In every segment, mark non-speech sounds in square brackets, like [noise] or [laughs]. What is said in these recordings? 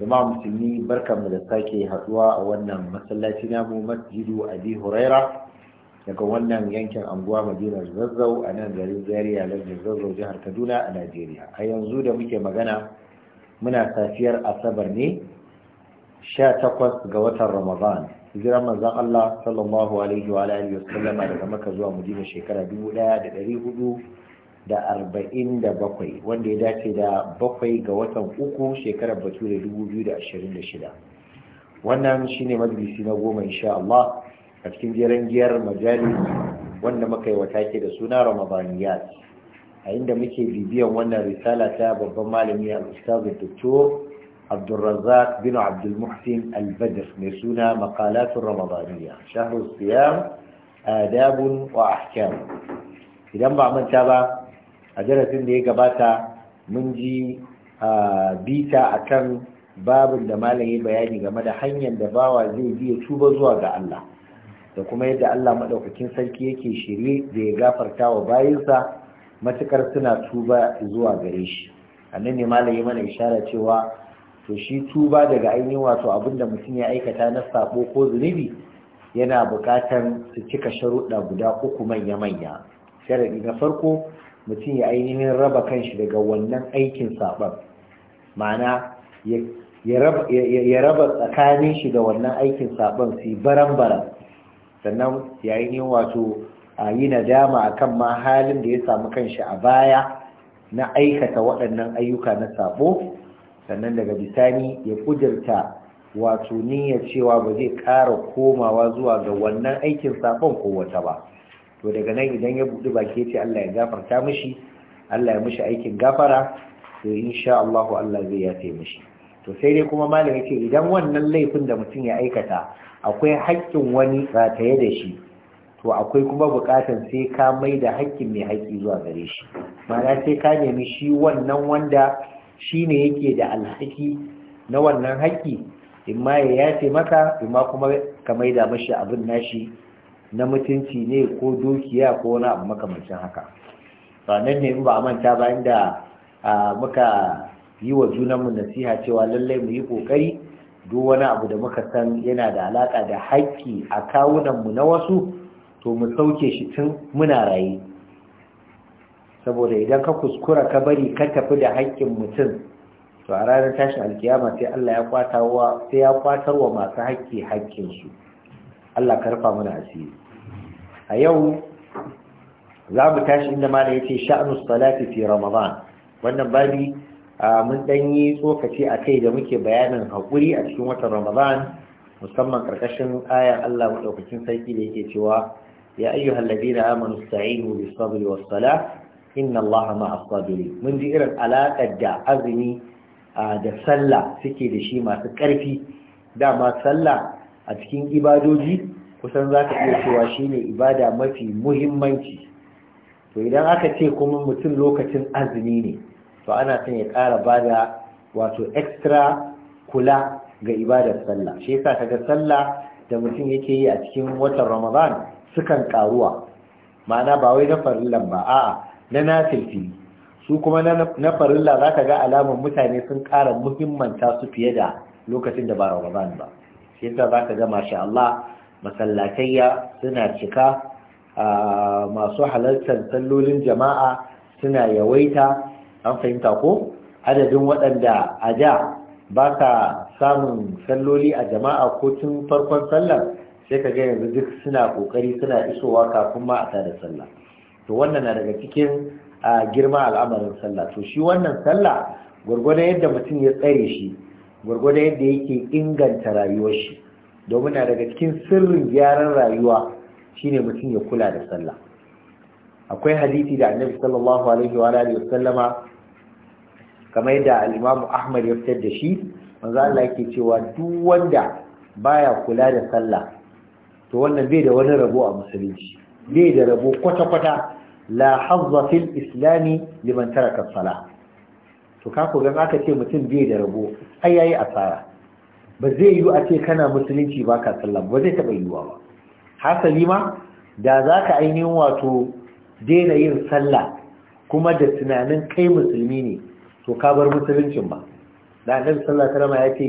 jama'a musulmi mu da sake haduwa a wannan masallaci namu masjidu abi huraira daga wannan yankin anguwa madinar zazzau a nan garin Zariya lardin zazzau jihar kaduna a najeriya a yanzu da muke magana muna safiyar asabar ne 18 ga watan ramadan hijiran manzon Allah sallallahu alaihi wa alihi wasallama daga maka zuwa madina shekara 1400 da arba'in da bakwai wanda ya dace da bakwai ga watan uku shekarar bature dubu biyu da ashirin da shida wannan shine majalisi na goma insha Allah a cikin jeren giyar majalis wanda muka yi wata ke da suna ramadaniyat a inda muke bibiyan wannan risala ta babban malami al-ustaz dr abdulrazak bin abdulmuhsin al-badr mai suna makalatun ramadaniya shahru siyam adabun wa ahkam idan ba manta ba a darasin da ya gabata mun ji bita akan babin da malaye bayani game da hanyar da bawa zai biya tuba zuwa ga Allah da kuma yadda Allah maɗaukakin sarki yake shirye da ya gafarta wa bayansa matukar suna tuba zuwa gare shi annan ne malaye mana ishara cewa to shi tuba daga ainihin wato abin da mutum ya aikata na sabo ko zunubi yana bukatan su cika sharuɗa guda uku manya-manya sharaɗi na farko mutum ya ainihin raba kanshi daga wannan aikin saban ma'ana ya raba tsakanin shi da wannan aikin saban su baran-baran sannan ya ainihin wato a yi nadama akan ma halin da ya samu kanshi a baya na aikata waɗannan ayyuka na saɓo, sannan daga bisani ya kudurta wato niyyar cewa ba zai ƙara komawa zuwa ga wannan aikin saɓon ko ba to daga nan idan ya buɗe baki ya ce Allah ya gafarta mishi Allah ya mishi aikin gafara to insha Allah Allah zai ce mishi to sai dai kuma malam ya ce idan wannan laifin da mutum ya aikata akwai haƙƙin wani rataye da shi to akwai kuma buƙatar sai ka mai da haƙƙin mai haƙƙi zuwa gare shi ma'ana sai ka nemi shi wannan wanda shi ne yake da alhaki na wannan haƙƙi in ma ya yace maka in ma kuma ka mai da mashi abin nashi na mutunci ne ko dukiya ko wani abu makamancin haka sannan ne in ba a manta ba inda muka yi wa junanmu nasiha cewa lallai mu yi kokari duk wani abu da muka san yana da alaka da haƙƙi a kawunanmu na wasu to mu sauke shi tun muna raye saboda idan ka kuskura ka bari ka tafi da haƙƙin mutum to a ranar tashin alkiyama sai Allah ya kwatarwa sai masu haƙƙi haƙƙinsu Allah karfa mana asiri a yau za mu tashi inda mala yace sha'nu salati fi ramadan wannan babi mun dan yi tsokaci akai da muke bayanin hakuri a cikin watan ramadan musamman karkashin ayar Allah madaukakin sarki da yake cewa ya ayyuhal ladina amanu ista'inu bis sabri was salah inna Allah ma'as mun ji irin alaƙar da azumi da sallah suke da shi masu ƙarfi dama sallah a cikin ibadoji kusan za ka iya cewa shi ne ibada mafi muhimmanci to idan aka ce kuma mutum lokacin azumi ne to ana son ya ƙara ba da wato extra kula ga ibadar sallah shi yasa kaga sallah da mutum yake yi a cikin watan ramadan sukan karuwa ma'ana ba wai na farilla ba a'a na nafilfi su kuma na farilla za ka ga alamun mutane sun ƙara muhimmanta su fiye da lokacin da ba ramadan ba shi yasa za ka ga masha Allah masallatayya suna cika masu halartar sallolin jama'a suna yawaita an fahimta ko adadin waɗanda a da ba ka samun salloli a jama'a ko tun farkon sallar sai ka ga yanzu duk suna ƙoƙari suna isowa kafin ma a tada sallah to wannan na daga cikin girma al'amarin sallah to shi wannan sallah gwargwadon yadda mutum ya tsare shi gwargwadon yadda yake inganta rayuwar shi domin na daga cikin sirrin gyaran rayuwa shine mutum ya kula da sallah akwai hadisi da annabi sallallahu alaihi wa alihi wasallama kamar yadda al-imamu ahmad ya fitar da shi manzo Allah yake cewa duk wanda baya kula da sallah to wannan bai da wani rabo a musulunci bai da rabo kwata-kwata la hazza fil islami liman taraka salah to ka ku ga aka ce mutum bai da rabo ai yayi asara ba zai yiwu a ce kana musulunci ba ka sallah ba zai taɓa yiwuwa ba hasali ma da za ka ainihin wato daina yin sallah kuma da tunanin kai musulmi ne to ka bar musuluncin ba da annabi sallallahu alaihi wasallam ya ce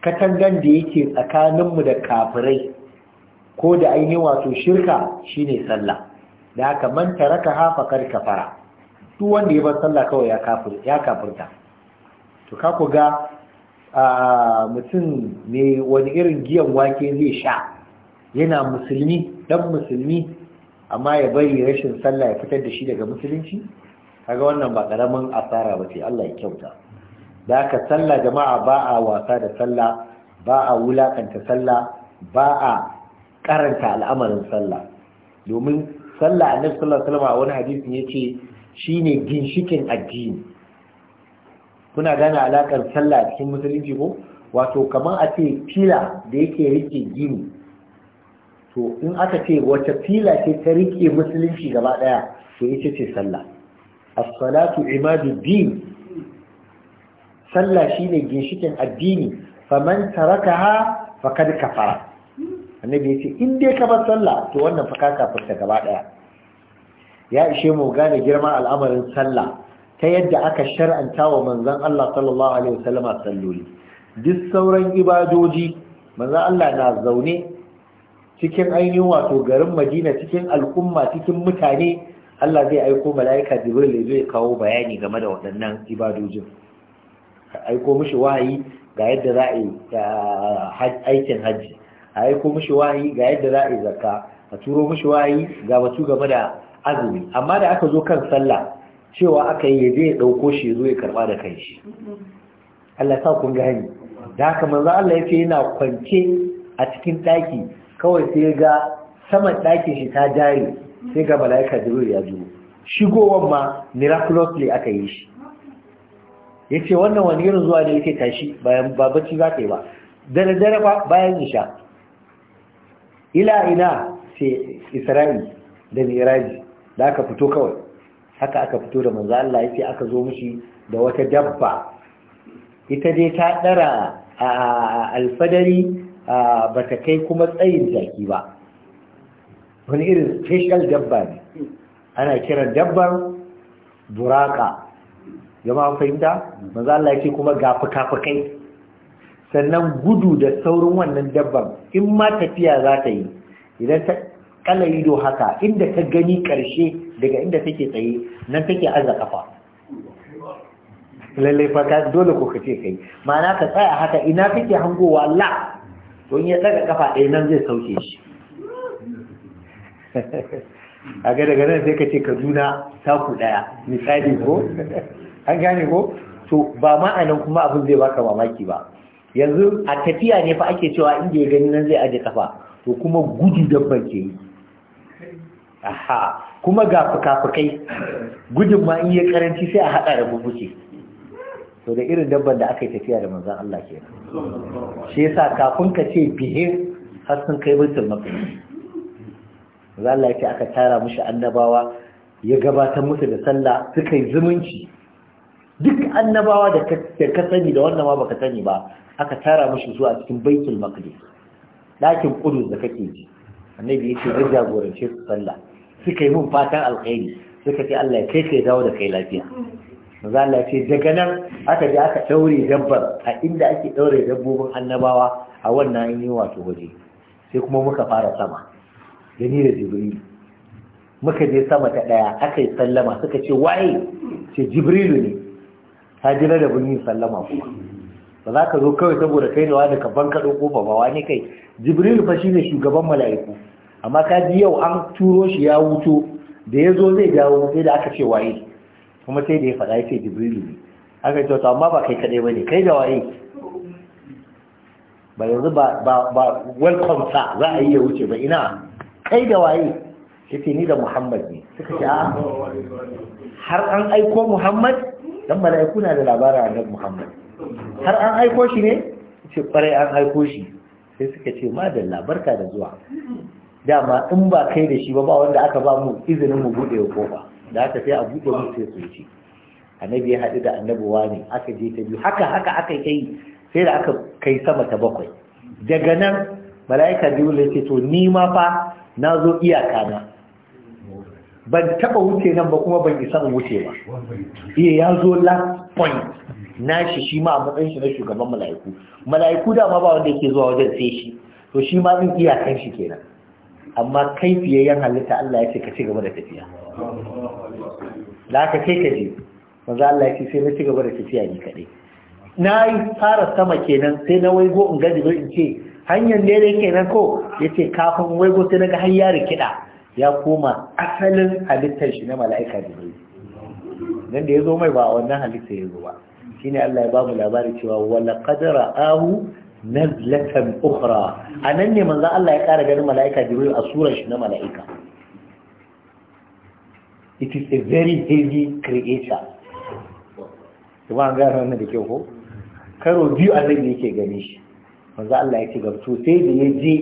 katangan da yake tsakaninmu da kafirai ko da ainihin wato shirka shine sallah da haka man taraka ha faqad kafara duk wanda ya bar sallah kawai ya kafir ya kafirta to ka ku ga mutum ne wani irin giyan wake zai sha yana musulmi dan musulmi amma ya bari rashin sallah ya fitar da shi daga musulunci kaga wannan ba karamin asara ba ce Allah ya kyauta da ka sallah jama'a ba a wasa da sallah ba a wulakanta sallah ba a karanta al'amarin sallah domin sallah annabi sallallahu alaihi wasallam a wani hadisi hadisin yace shine ginshikin addini kuna gane alakar sallah cikin musulunci ko wato kamar a ce fila da yake rike gini to in aka ce wata fila ce ta rike musulunci gaba daya to ita ce sallah as-salatu imadu din sallah shine ginshikin addini faman tarakaha faqad kafara annabi yace in dai ka bar sallah to wannan fa ka kafarta gaba daya ya ishe mu gane girman al'amarin sallah ta yadda aka shar'anta wa manzon Allah sallallahu alaihi wasallam salloli duk sauran ibadoji manzon Allah na zaune cikin ainihin wato garin Madina cikin al'umma cikin mutane Allah zai aiko mala'ika Jibril zai kawo bayani game da waɗannan ibadojin aiko mishi wahayi ga yadda za a yi aikin hajji a aiko mishi wahayi ga yadda za a yi zakka a turo mishi wahayi ga batu game da azumi amma da aka zo kan sallah cewa aka yi zai ya dauko shi zo ya karba da kai shi Allah sa kun ga ni. da haka manzo Allah yace yana kwance a cikin daki kawai sai ga saman ɗakin shi ta jari, sai ga malaika Jibril ya zo shigowan ma miraculously aka yi shi yace wannan wani irin zuwa ne yake tashi bayan babaci za ka yi ba dare dare ba bayan isha ila ina sai Isra'i da Miraji da aka fito kawai haka aka fito da manzo Allah yake aka zo mishi da wata dabba ita dai ta dara alfadari bata kai kuma tsayin jaki ba wani irin special dabba ne ana kiran dabbar buraka jama'a fahimta manzo Allah yake kuma ga fuka sannan gudu da saurin wannan dabban in ma tafiya za ta yi idan ta kala ido haka inda ta gani karshe daga inda take tsaye nan take aza kafa lallai fa dole ko kace kai ma'ana ka tsaya haka ina kake hangowa la to in ya daga kafa ɗaya nan zai sauke shi a [laughs] ga daga nan sai ka ce kaduna taku ɗaya misali ko [laughs] an gane ko to ba ma'anan kuma abin zai baka mamaki ba yanzu a tafiya ne fa ake cewa inda ya gani nan zai aje kafa to kuma gudu dabban ke aha kuma ga fuka-fukai gudun ma in karanci sai a haɗa da bubuke to da irin dabban da aka yi tafiya da manzan Allah ke shi yasa kafin ka ce bihe har sun kai baitul maqdis za Allah ya ce aka tara mushi annabawa ya gabatar musu da sallah suka yi zumunci duk annabawa da ka sani da wannan ma baka sani ba aka tara mushi zuwa cikin baitul maqdis ɗakin ƙudus da kake ji annabi ya ce ya jagorance su sallah suka yi mun fatan alkhairi suka ce Allah ya kai kai dawo da kai lafiya maza Allah ce daga nan aka je aka daure dabbar a inda ake daure dabbobin annabawa a wannan yi wato waje sai kuma muka fara sama gani da Jibril muka je sama ta daya aka yi sallama suka ce waye ce Jibrilu ne ta jira da bin sallama kuma ba za ka zo kawai saboda kai da wani ka banka ɗin kofa ba wani kai Jibrilu fa shine shugaban mala'iku amma ka ji yau an turo shi ya wuto da ya zo zai dawo sai da aka ce waye kuma sai da ya faɗa ya ce jibrilu ne aka ce to amma ba kai kaɗai ba ne kai da waye ba yanzu ba welcome sa za a yi ya wuce ba ina kai da waye ya ce ni da muhammad ne suka ce a har an aiko muhammad dan mala'iku na da labarin annabi muhammad har an aiko shi ne ce kwarai an aiko shi sai suka ce ma da labarka da zuwa dama in ba kai da shi ba ba wanda aka ba mu izinin mu buɗe wa kofa da aka sai a bude mu sai su ci annabi ya hadu da annabuwa ne aka je ta biyu haka haka aka kai sai da aka kai sama ta bakwai daga nan mala'ika biyu ya ce to ni ma fa na zo iyaka na ban taba wuce nan ba kuma ban isa in wuce ba iya ya zo last point na shi shi ma a matsayin shi na shugaban mala'iku mala'iku dama ba wanda yake zuwa wajen sai shi to shi ma zan iyakan shi kenan amma kai fiyayyen halitta Allah ya ce ka ci gaba da tafiya da aka kai ka je wanzu Allah ya ce sai na ci gaba da tafiya ne kadai na yi fara sama kenan sai na waigo in gaji in ce hanyar ne da kenan ko ya ce kafin waigo sai na ga har ya ya koma asalin halittar shi na mala'ika da zai nan da ya zo mai ba wannan halitta ya zo ba Shi ne Allah ya ba mu labari cewa wala qadara ahu nazlatan ukhra anan ne manzo Allah ya kara ganin malaika jibril a surar shi na malaika it is a very heavy creator kuma ga ran da ke ko karo biyu a nan yake gani shi manzo Allah ya ce ga to sai da ya je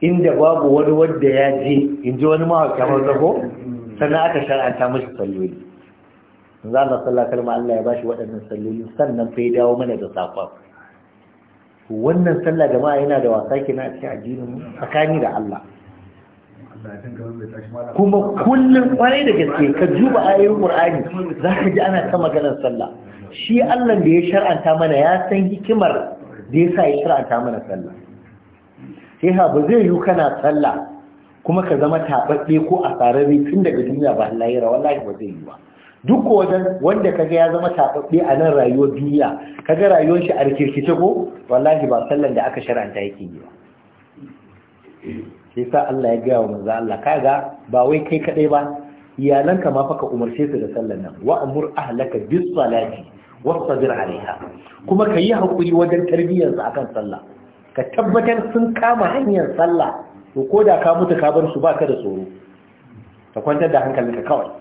inda babu wani wanda ya je in ji wani mahaukar ko? sannan aka shar'anta mashi salloli manzo Allah sallallahu alaihi wasallam Allah ya bashi waɗannan salloli sannan fa ya dawo mana da sakon wannan sallah da jama'a yana da wasa ke a cikin addinin mu tsakani da Allah kuma kullum kwarai da gaske ka juba ayoyin Qur'ani za ka ji ana ta maganar sallah shi Allah da ya shar'anta mana ya san hikimar da ya sa ya shar'anta mana sallah sai ha ba zai yi kana sallah kuma ka zama taɓaɓɓe ko a asararre tun daga duniya ba lahira wallahi ba zai yi ba duk wajen wanda kaga ya zama tababbe a nan rayuwar duniya kaga rayuwar shi a rikirkice ko wallahi ba sallan da aka shar'anta yake yi ba sai sa Allah ya gaya wa manzo Allah kaga ba wai kai kadai ba iyalanka ma fa ka umarce su da sallan nan wa amur ahlaka bis salati wasbir alaiha kuma kayi hakuri wajen tarbiyyar su akan sallah ka tabbatar sun kama hanyar sallah to koda ka mutu ka bar su baka da tsoro ka kwantar da hankalinka kawai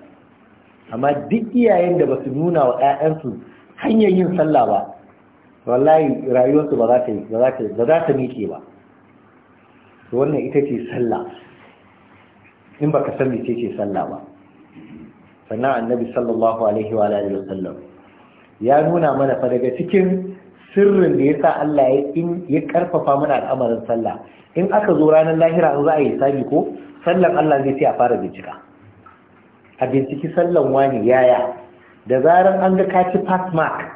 amma duk iyayen da ba su nuna wa ƴaƴansu hanyar yin sallah ba wallahi rayuwarsu ba za ta ba za ta ba za ta miƙe ba to wannan ita ce sallah in baka san mece ce sallah ba sannan annabi sallallahu alaihi wa alihi wasallam ya nuna mana fa daga cikin sirrin da yasa Allah ya in ya karfafa mana al'amarin sallah in aka zo ranar lahira an za a yi sabi ko sallan Allah zai sai a fara bincika a binciki sallan wani yaya da zaran an ga kaci pass mark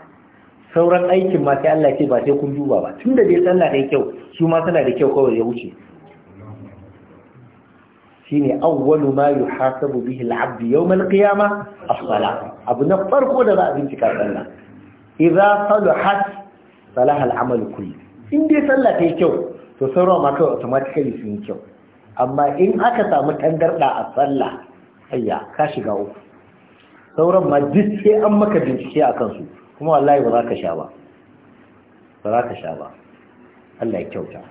sauran aikin ma sai Allah ce ba sai kun duba ba tunda dai sallah dai kyau su ma suna da kyau kawai ya wuce shine awwalu ma yuhasabu bihi al-'abd yawm al-qiyamah as-salah abu na farko da za a bincika sallah idza salahat salaha al-amal kulli in dai sallah ta kyau to sauran ma kai automatically sun yi kyau amma in aka samu tangarda a sallah ayya ka shiga uku sauran ma duk sai an maka bincike a kansu kuma wallahi ba za ka sha ba ba za ka sha ba Allah ya kyauta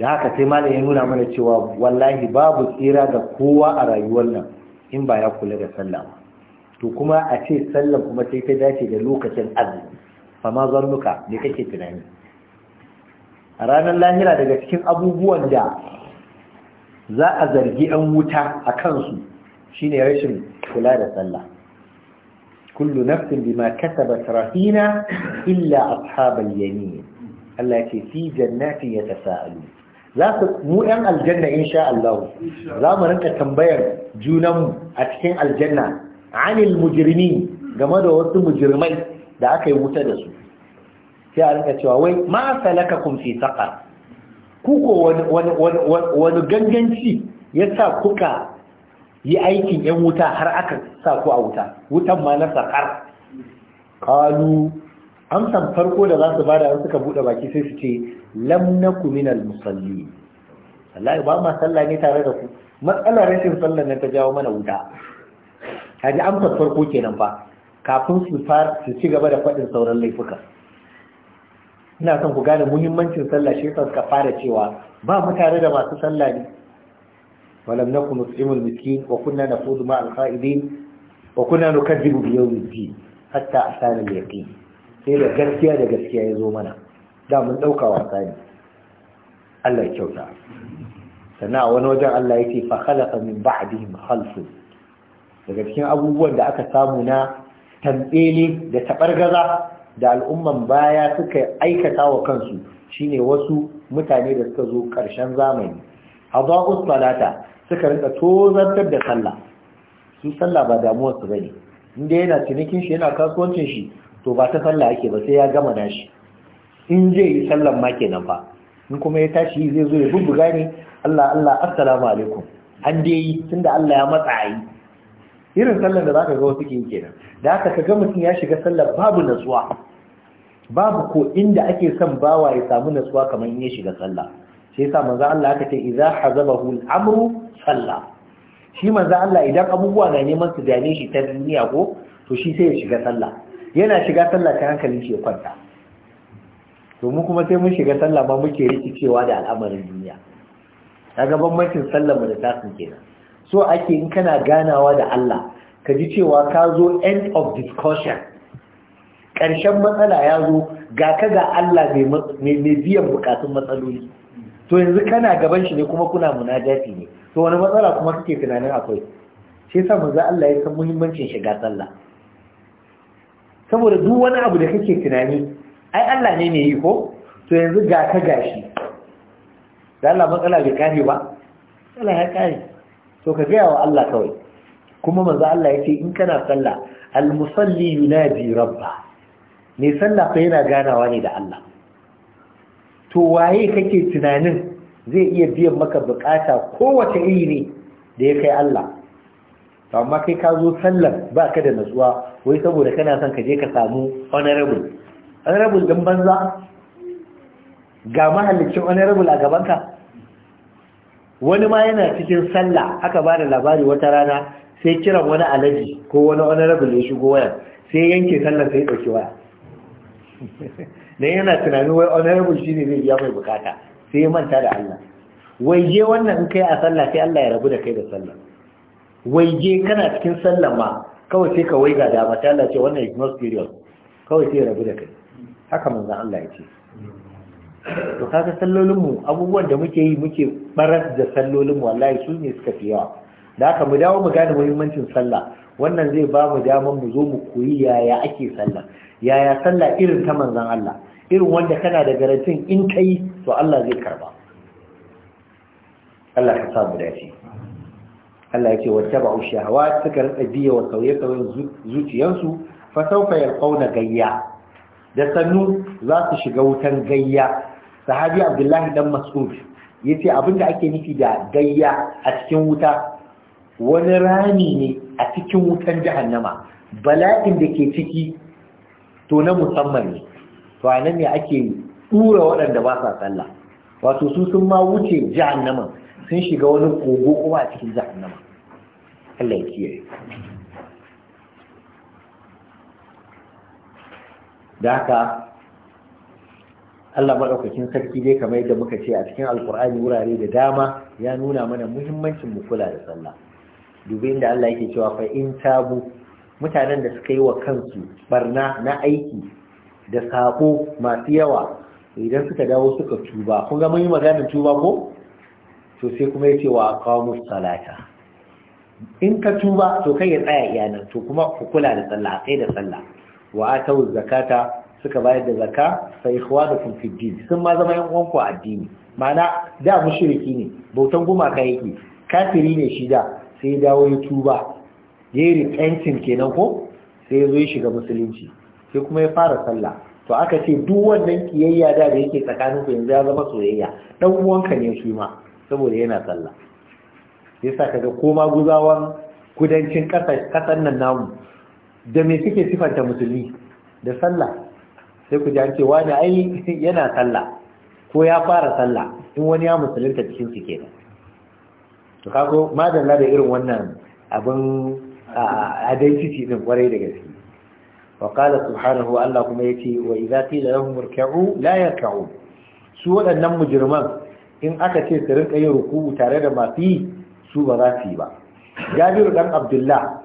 da haka sai malam ya nuna mana cewa wallahi babu tsira ga kowa a rayuwar nan in ba ya kula da sallah to kuma a ce sallah kuma sai ta dace da lokacin azumi fa ma zannuka me kake tunani a ranar lahira daga cikin abubuwan da za a zargi an wuta a kansu shine rashin kula da sallah kullu nafsin bima kasabat rahina illa ashabal yamin Allah yake fi jannati yatasaalu za su mu yan aljanna insha Allah za mu rinka tambayar junan a cikin aljanna anil mujrimi game da wasu mujrimai da aka yi wuta da su sai a rinka cewa wai ma salakakum fi saqar kuko wani ganganci ya sa kuka yi aikin 'yan wuta har aka sa ku a wuta wutan ma na sakar kalu amsan farko da za su bada da suka buɗe baki sai su ce lamna naku minal musalli wallahi ba ma sallah ne tare da ku matsalar rashin sallah ne ta jawo mana wuta kaji amsan farko kenan fa kafin su ci gaba da faɗin sauran laifuka ina son ku gane muhimmancin sallah shi suka fara cewa ba mu tare da masu sallah ne walam nakum nut'imul miskin wa kunna ma al-qa'idin wa kunna nukadzibu bi hatta asana al-yaqin sai da gaskiya da gaskiya ya zo mana da mun dauka wasa ne Allah ya kyauta sannan a wani wajen Allah yake fa khalaqa min ba'dihim khalfun daga cikin abubuwan da aka samu na tambele da tabargaza da al'umman baya suka aikata wa kansu shine wasu mutane da suka zo ƙarshen zamani adaa'us salata suka rinka tozartar da sallah su sallah ba damuwar su bane inda yana cinikin shi yana kasuwancin shi to ba ta sallah ake ba sai ya gama nashi in zai yi sallan ma kenan fa in kuma ya tashi zai zo ya bubbuga ne Allah Allah assalamu alaikum an dai tunda Allah ya matsa yi irin sallar da zaka ga wasu kenan da haka kaga mutum ya shiga sallar babu natsuwa babu ko inda ake son bawa ya samu natsuwa kamar in ya shiga sallah sai yasa manzo Allah aka ce idza hazabahu al-amru salla shi manzo Allah idan abubuwa na neman su dane shi ta duniya ko to shi sai ya shiga sallah yana shiga sallah ta hankalin shi ya kwanta to mu kuma sai mun shiga sallah ba muke rikicewa da al'amarin duniya kaga bambancin sallar mu da tasin kenan so ake in kana ganawa da Allah ka ji cewa ka zo end of discussion ƙarshen matsala ya zo ga ka ga Allah mai biyan bukatun matsaloli to yanzu kana gaban shi ne kuma kuna munajati ne to wani matsala kuma kake tunanin akwai sai sa manzo Allah ya san muhimmancin shiga sallah saboda duk wani abu da kake tunani ai Allah ne mai yi ko to yanzu ga ka gashi da Allah matsala bai kare ba Allah ya kare to ka gaya wa Allah kawai kuma manzo Allah ce in kana sallah al-musalli yunadi rabba ne sallah fa yana ganawa ne da Allah to waye kake tunanin zai iya biyan maka bukata kowace iri ne da ya kai Allah to amma kai ka zo sallar baka da natsuwa wai saboda kana son ka je ka samu honorable honorable din banza ga mahallicin honorable a gabanka wani ma yana cikin sallah aka ba da labari wata rana sai kiran wani alaji ko wani honorable ya shigo waya sai yanke sallah sai dauki waya [laughs] dan yana tunanin wai honorable shine zai biya mai bukata sai ya manta da Allah Wai je wannan in kai a sallah sai Allah ya rabu da kai da sallah Wai je kana cikin sallah ma kawai sai ka waiga da mata Allah ce wannan is not serious kawai sai ya rabu da kai haka manzon Allah ya ce to kaga sallolin mu abubuwan da muke yi muke barar da sallolin wallahi su ne suka fi yawa da aka mu dawo mu gane muhimmancin sallah wannan zai ba mu damar mu zo mu koyi yaya ake sallah yaya sallah irin ta manzon Allah irin wanda kana da garantin in kai to Allah zai karba Allah ka sa mu dace Allah ya ce ba ushawa suka rika biya wa sauye-sauyen zuciyarsu fa ƙauna gayya da sannu za su shiga wutan gayya sahabi abdullahi dan mas'ud yace abinda ake nufi da gayya a cikin wuta wani rami ne a cikin wutan jahannama bala'in da ke ciki to na musamman ne to anan ne ake tura waɗanda ba sa sallah wato su sun ma wuce jahannama sun shiga wani kogo kuma a cikin jahannama Allah ya kiyaye da haka Allah maɗaukakin sarki dai kamar yadda muka ce a cikin alkur'ani wurare da dama ya nuna mana muhimmancin mu kula da sallah dubi inda Allah yake cewa fa in tabu mutanen da suka yi wa kansu barna na aiki da sako masu yawa idan suka dawo suka tuba kun ga mun yi maganar tuba ko to sai kuma yace wa qamu salata in ka tuba to kai ya tsaya iyanan to kuma ku kula da sallah kai da sallah wa atau zakata suka bayar da zakka ikhwa da kun din sun ma zama yan uwanku addini ma'ana da mushriki ne bautan gumaka yake kafiri ne shi da sai ya dawo ya tuba ya yi repenting kenan ko sai ya zo ya shiga musulunci sai kuma ya fara sallah to aka ce duk wannan kiyayya da da yake tsakanin ku yanzu ya zama soyayya dan uwanka ne shi ma saboda yana sallah sa kaga koma guzawan kudancin kasar nan namu da me suke sifanta musulmi da sallah sai ku ji an ce wani ai yana sallah ko ya fara sallah in wani ya musulunta cikin su kenan to kago madalla da irin wannan abin identity din kwarai da gaske wa qala subhanahu Allah kuma yace wa idza qila lahum irka'u la yarka'u su wadannan mujirman in aka ce su rinka yin ruku'u tare da mafi su ba za su yi ba Jabiru dan Abdullah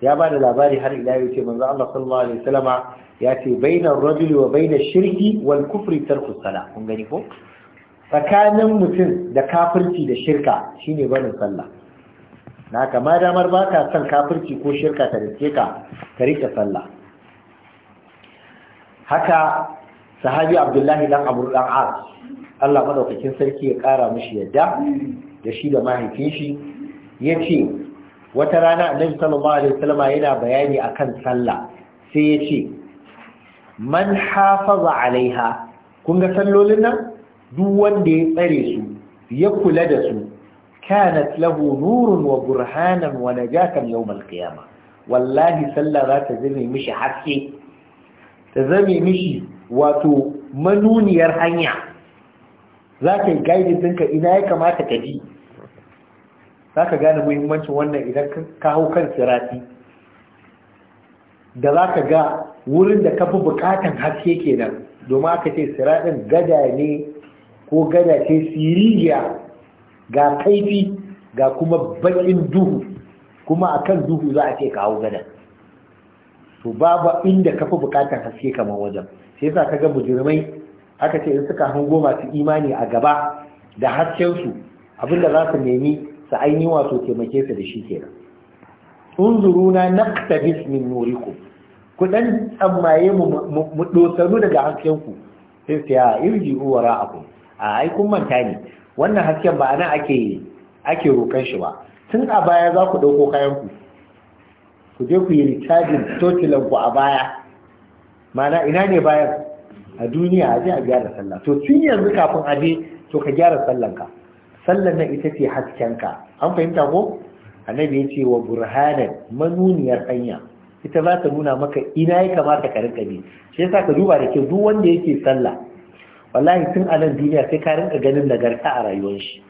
ya ba da labari har ila yace ce manzo Allah sallallahu alaihi wasallama ya ce bainar rajuli wa bainar shirki wal kufri tarku sala kun gani ko tsakanin mutum da kafirci da shirka shine barin sallah na kama damar baka son kafirci ko shirka ta da ka ka rike sallah haka sahabi abdullahi dan abu dan as Allah madaukakin sarki ya kara mishi yadda da shi da mahaifin shi yace wata rana annabi sallallahu alaihi yana bayani akan sallah sai yace man hafaza alaiha kun ga sallolin nan duk wanda ya tsare su ya kula da su kanat lahu nurun wa burhanan wa najatan yawmal qiyamah wallahi sallah za ta zame mishi haske ta zame mishi wato manuniyar hanya za ka yi gaidin ɗinka ina ya kamata ka bi za ka gane muhimmancin wannan idan ka hau kan sirati da za ka ga wurin da kafi bukatan haske kenan domin aka ce siraɗin gada ne ko gada ce siriya ga kaifi ga kuma baƙin duhu kuma akan duhu za a ce kawo gada to babu inda kafi bukatan haske kamar wajen sai ka ga bujirmai aka ce in suka hango masu imani a gaba da hasken su abinda za su nemi su ainihi wato taimake su da shi kenan unzuruna naqtabis min nurikum ku dan tsammaye mu mu dosaru daga hasken ku sai sai a irji uwara abu ai kun manta ne wannan hasken ba ana ake ake rokan shi ba tun a baya za ku dauko kayan ku ku je ku yi recharging totilan ku a baya mana ina ne bayan a duniya a je a gyara sallah to tun yanzu kafin a je to ka gyara ka sallan nan ita ce ka. an fahimta ko annabi ya ce wa burhanan manuniyar hanya ita za ta nuna maka ina ya kamata ka rinka bi shi yasa ka duba da ke duk wanda yake sallah wallahi tun a nan duniya sai ka rinka ganin nagarta a rayuwar shi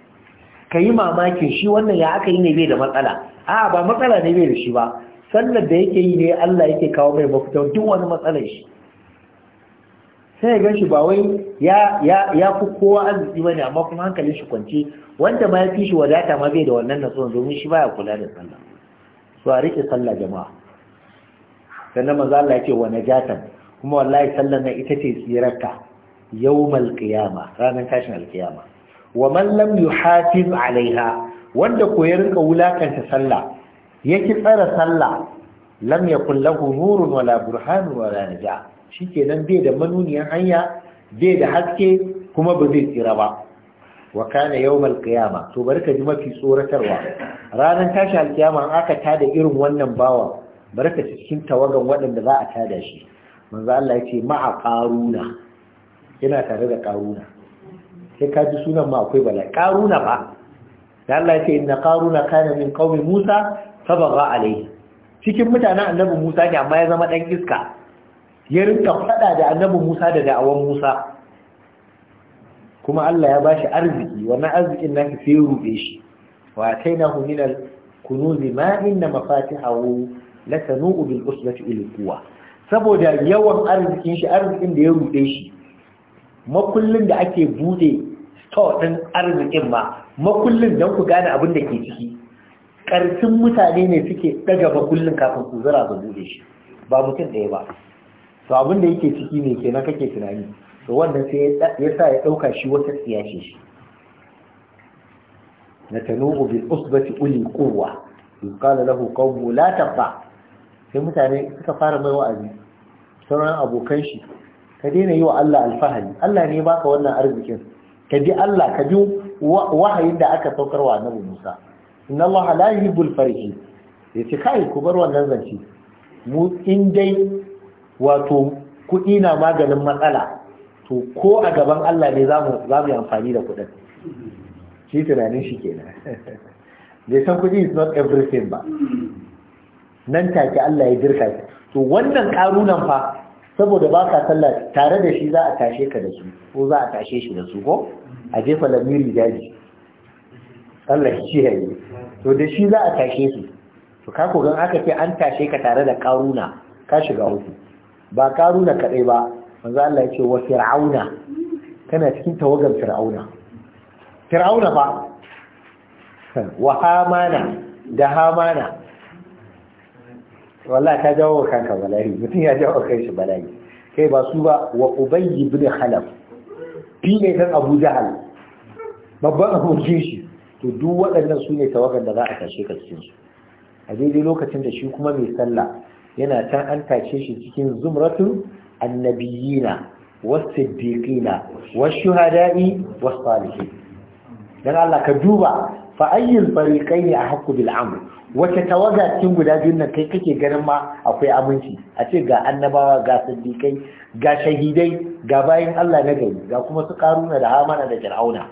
ka yi mamakin shi wannan ya aka yi ne bai da matsala a ba matsala ne bai da shi ba sallar da yake yi ne Allah yake kawo mai mafita duk wani matsalar shi sai ya ganshi ba wai ya ya ya fi kowa arziki bane amma kuma hankalin shi kwance wanda ma ya fi shi wadata ma bai da wannan nasuwan domin shi baya kula da sallah so a rike sallah jama'a sannan na Allah ya ce wa najatan kuma wallahi sallar na ita ce tsirarka yawmal qiyama ranar tashin alkiyama wa Mallam lam yuhafiz alaiha wanda ko ya rinka wulakanta sallah yake tsara sallah lam ya lahu nurun wala burhanun wala naja shikenan bai da manuniyan hanya bai da haske kuma ba zai tsira ba wa kana yawmal qiyama to ka ji mafi tsoratarwa ranar tashi alkiyama aka tada irin wannan bawan. barka cikin tawagan waɗanda za a tada shi manzo Allah yace ma'a qaruna yana tare da qaruna sai ka ji sunan ma akwai bala qaruna ba dan Allah yace inna qaruna kana min qaumi Musa fabagha alayhi cikin mutanen annabi Musa ne amma ya zama dan iska ya rinka fada da annabi Musa da da'awan Musa kuma Allah ya bashi arziki wannan arzikin nake sai rube shi wa atainahu min al-kunuz ma inna mafatihahu la tanu'u bil usbati ila quwwa saboda yawan arzikin shi arzikin da ya rude shi makullin da ake bude store din arzikin ma makullin dan ku gane abin da ke ciki karfin mutane ne suke daga makullin kafin ku zura ga bude shi ba mutum ɗaya ba to abin da yake ciki ne kenan kake tunani to wannan sai ya sa ya ɗauka shi wata tsiyace shi na tanu'u bil usbati uli qurwa yuqala lahu qawmu la tafa sai mutane suka fara mai wa'azi sauran abokan shi ka daina yi wa Allah alfahari Allah ne baka wannan arzikin ka bi Allah ka bi wahayin da aka saukar wa annabi Musa inna Allah la yuhibbul farihi yace kai ku bar wannan zance mu in dai wato kuɗi na maganin matsala to ko a gaban Allah ne za mu yi amfani da kuɗin shi tunanin shi kenan [laughs] bai san kuɗi is not everything ba nan take Allah ya girka shi to wannan karunan fa saboda ba ka sallah tare da shi za a tashe ka da su ko za a tashe shi da su ko a jefa lamiri daji Allah shi ya yi to da shi za a tashe su to ka ko gan aka ce an tashe ka tare da karuna ka shiga wuce ba karuna kadai ba manzo Allah ya ce wa fir'auna kana cikin tawagar fir'auna fir'auna ba wa hamana da hamana wallahi ka jawo kanka bala'i mutum ya jawo kai shi bala'i kai ba su ba wa ubayy bin khalaf fi ne dan abu jahal babban abokin shi to duk waɗannan su ne tawagar da za a tashe ka cikin su a daidai lokacin da shi kuma mai sallah yana can an tashe shi cikin zumratun annabiyina wasiddiqina washuhada'i wasalihin dan Allah ka duba fa ayyul fariqaini ahqqu bil amr wace tawaga cikin guda biyun nan kai kake ganin ma akwai aminci a ce ga annabawa ga siddiƙai ga shahidai ga bayan Allah na gari ga kuma su karuna da hamana da jirauna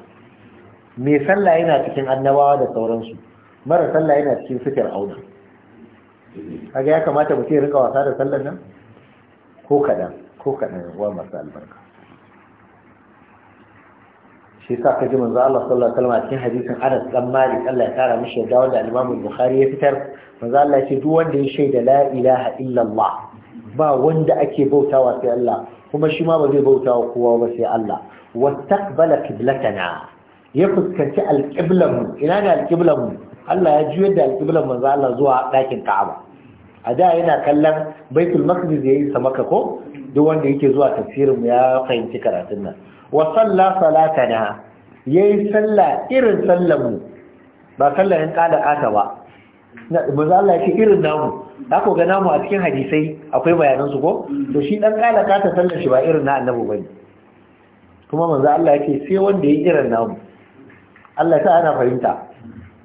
Me sallah yana cikin annabawa da sauransu mara sallah yana cikin su jirauna kaga ya kamata mutum ya rika wasa da sallar nan ko kadan ko kaɗan wa masu albarka shi yasa ka ji manzo Allah sallallahu alaihi wasallam cikin hadisin Anas dan Malik Allah ya kara mishi yadda wanda Imam Bukhari ya fitar manzo Allah ya ce duk wanda ya shaida la ilaha illallah ba wanda ake bautawa sai Allah kuma shi ma ba zai bautawa kowa ba sai Allah wastaqbala qiblatana ya fuskanci mu, ina ne mu? Allah ya juyar da alqiblan manzo Allah zuwa ɗakin Ka'aba a da yana kallon Baitul Maqdis yayin sa maka ko duk wanda yake zuwa tafsirin ya fahimci karatun nan wa salla salatana yayi salla irin sallamu ba sallar in kada aka ba manzo Allah yake irin namu da ko ga namu a cikin hadisai akwai bayanan su ko to shi dan kada ka ta sallar shi ba irin na annabi bane kuma manzo Allah yake sai wanda yayi irin namu Allah ta ana fahimta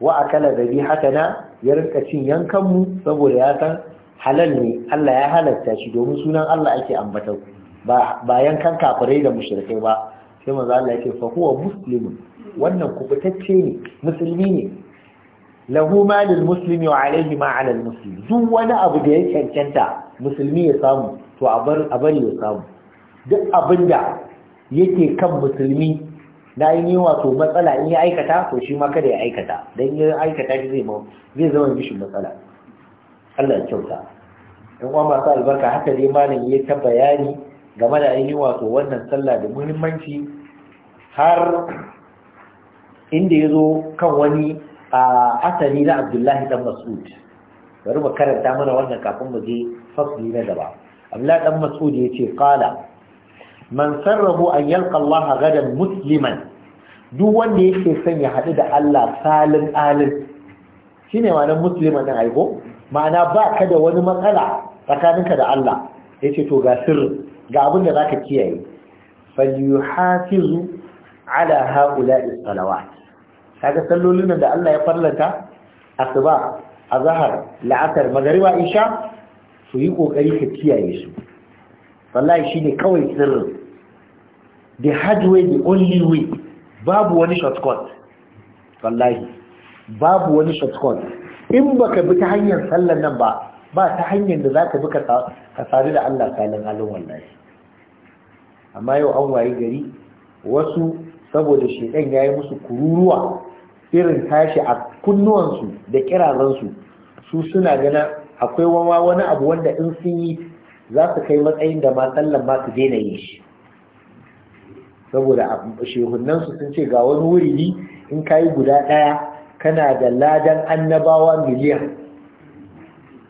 wa akala dhabihatana ya rinka cin yankan mu saboda ya san halal ne Allah ya halarta shi domin sunan Allah ake ambata ku ba yankan kafirai da mushrikai ba sai manzo Allah yake fa huwa muslimun wannan kubutacce ne musulmi ne lahu malul muslimi wa alayhi ma ala al muslim duk wani abu da ya cancanta musulmi ya samu to a bar ya samu duk abinda yake kan musulmi na yi wato matsala in ya aikata to shi ma kada ya aikata dan ya aikata shi zai zai zama mishi matsala Allah ya kyauta in kuma masu albarka haka dai malam ya ta bayani game da ainihin wato wannan sallah da muhimmanci har inda ya zo kan wani a asali na abdullahi dan mas'ud bari mu karanta mana wannan kafin mu je fasli na gaba abdullahi dan mas'ud ya ce kala man sarrahu an yalqa Allah gadan musliman duk wanda yake son ya hadu da Allah salin alin shine wannan nan musliman nan aiko ma'ana ba ka da wani matsala tsakaninka da Allah yace to ga sirrin. ga abin da zaka kiyaye falyuhafizu ala haula'i salawat kaga sallolin da Allah ya farlanta asuba azhar la'asar magriba isha su yi kokari ka kiyaye su wallahi shine kawai sirrin the hard way the only way babu wani shortcut wallahi babu wani shortcut in baka bi ta hanyar sallan nan ba ba ta hanyar da za ka bi ka sadu da Allah kalin halin wallahi amma yau an waye gari wasu saboda shekan ya yi musu kururuwa irin tashi a kunnuwansu da kirazansu su suna gana akwai wawa wani abu wanda in sun yi za su kai matsayin da matsallan ma su daina yin shi saboda shehunansu sun ce ga wani wuri in kayi guda ɗaya kana da ladan annabawa miliyan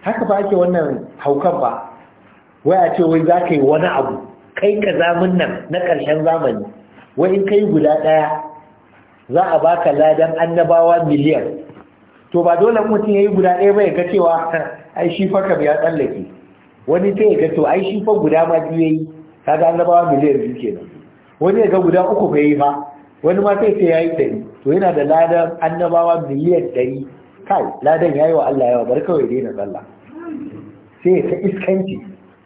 haka ba ake wannan haukan ba wai a ce wai za ka yi wani abu kai ka zamun nan na ƙarshen zamani wai in kai guda ɗaya za a ba ka ladan annabawa miliyan to ba dole mutum ya yi guda ɗaya ba ya ga cewa ai shi fa kam ya tsallake wani ta ya ga to ai shi fa guda ma biyu ka ga annabawa miliyan biyu kenan wani ya ga guda uku ya yi ba wani ma sai sai yayi ɗari to yana da ladan annabawa miliyan ɗari kai ladan yayi wa Allah yawa bar kawai daina sallah sai ta iskanci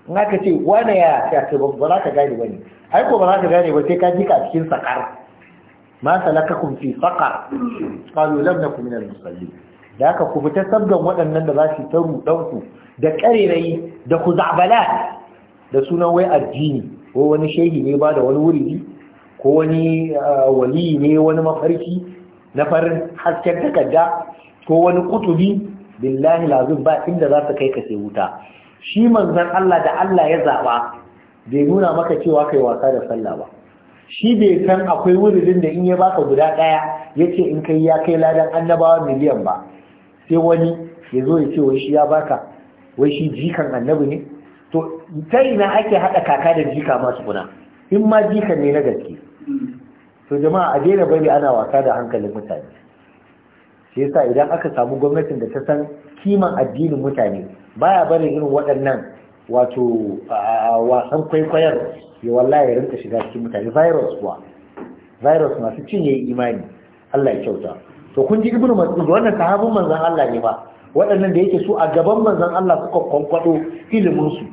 in aka ce wani ya ya ce ba za ka gane bane ai ko ba za ka gane ba sai ka ji ka cikin sakar ma salakakum fi saqar qalu lam nakum min al-musallin da ka ku fita sabgan waɗannan da za su ta rudan ku da karerayi da ku da sunan wai addini ko wani shehi ne ba da wani wuri ko wani ah, wali ne wani mafarki na farin hasken takarda ko wani kutubi billahi lazim ba inda za ta kai ka sai wuta shi manzon Allah da Allah ya zaba bai nuna maka cewa kai wasa da sallah ba shi bai san akwai wuridin da in ya baka guda daya yace in kai ya kai ladan annabawa miliyan ba sai wani ya zo ya ce wai shi ya baka wai shi jikan annabi ne to ta ina ake haɗa kaka da jika masu kuna in ma jikan ne na gaske to jama'a a daina bari ana wasa da hankalin mutane shi yasa idan aka samu gwamnatin da ta san kiman addinin mutane baya barin irin waɗannan wato wasan kwaikwayar ya wallahi ya rinka shiga cikin mutane virus kuwa virus masu cinye imani Allah ya kyauta to kun ji ibnu mas'ud wannan sahabban manzon Allah ne ba waɗannan da yake su a gaban manzon Allah suka kwankwado ilimin su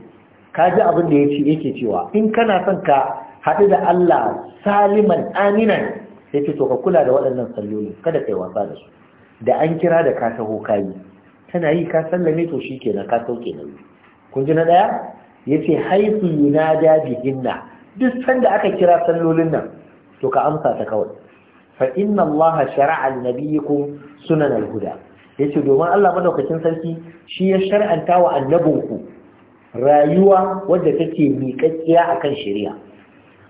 kaji abin da yake yake cewa in kana son ka haɗu da Allah saliman aminan sai to ka kula da waɗannan salloli kada kai wasa da su da an kira da ka taho kayi tana yi ka sallame to shi kenan ka sauke nauyi kun ji na ɗaya ya ce haifu yunada bihinna duk sanda aka kira sallolin nan to ka amsa ta kawai fa inna Allah shara'a annabiyyikum sunan alhuda. yace domin Allah madaukakin sarki shi ya shar'anta wa annabinku rayuwa wadda take miƙaƙiya akan shari'a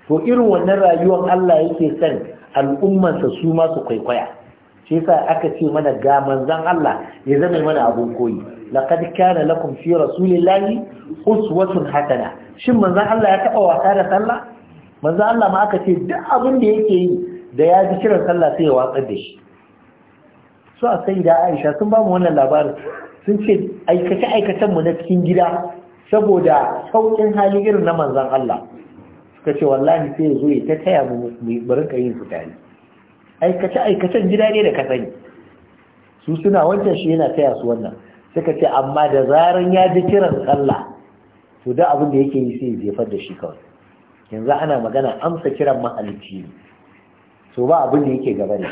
to irin wannan rayuwar Allah yake son al'ummarsa su ma su kwaikwaya shi yasa aka ce mana ga manzon Allah ya zama mana abun koyi laqad kana lakum fi rasulillahi uswatun hasana shin manzon Allah ya taba wasa da sallah manzon Allah ma aka ce duk abin da yake yi da ya ji kiran sallah sai ya watsar da shi su a sai da Aisha sun ba mu wannan labarin sun ce aikace aikacen mu na cikin gida saboda saukin hali irin na manzon Allah suka ce wallahi sai ya zo ya ta taya mu mu rinka yin su aikace-aikacen gida ne da ka sani su suna wancan shi yana taya su wannan suka ce amma da zaran ya ji kiran sallah to da abin da yake yi sai jefar da shi kawai yanzu ana magana amsa kiran mahalicci ne To ba abin da yake gaba ne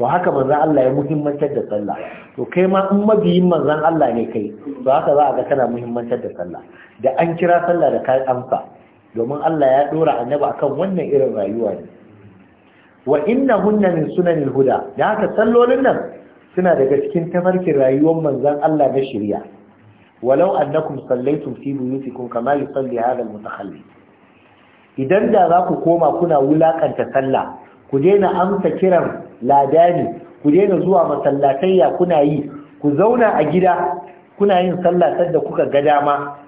to haka manzan Allah ya muhimmantar da sallah to kai ma in mabiyin manzan Allah ne kai to haka za a ga kana muhimmantar da sallah da an kira sallah da ka amsa domin Allah ya dora annabi akan wannan irin rayuwa ne wa inna hunna min sunanil huda da haka sallolin nan suna daga cikin tafarkin rayuwar manzon Allah na shari'a walau annakum sallaitum fi buyutikum kama yusalli hadha al idan da za ku koma kuna wulakanta sallah ku daina amsa kiran ladani ku daina zuwa masallatayya kuna yi ku zauna a gida kuna yin sallah sadda kuka ga dama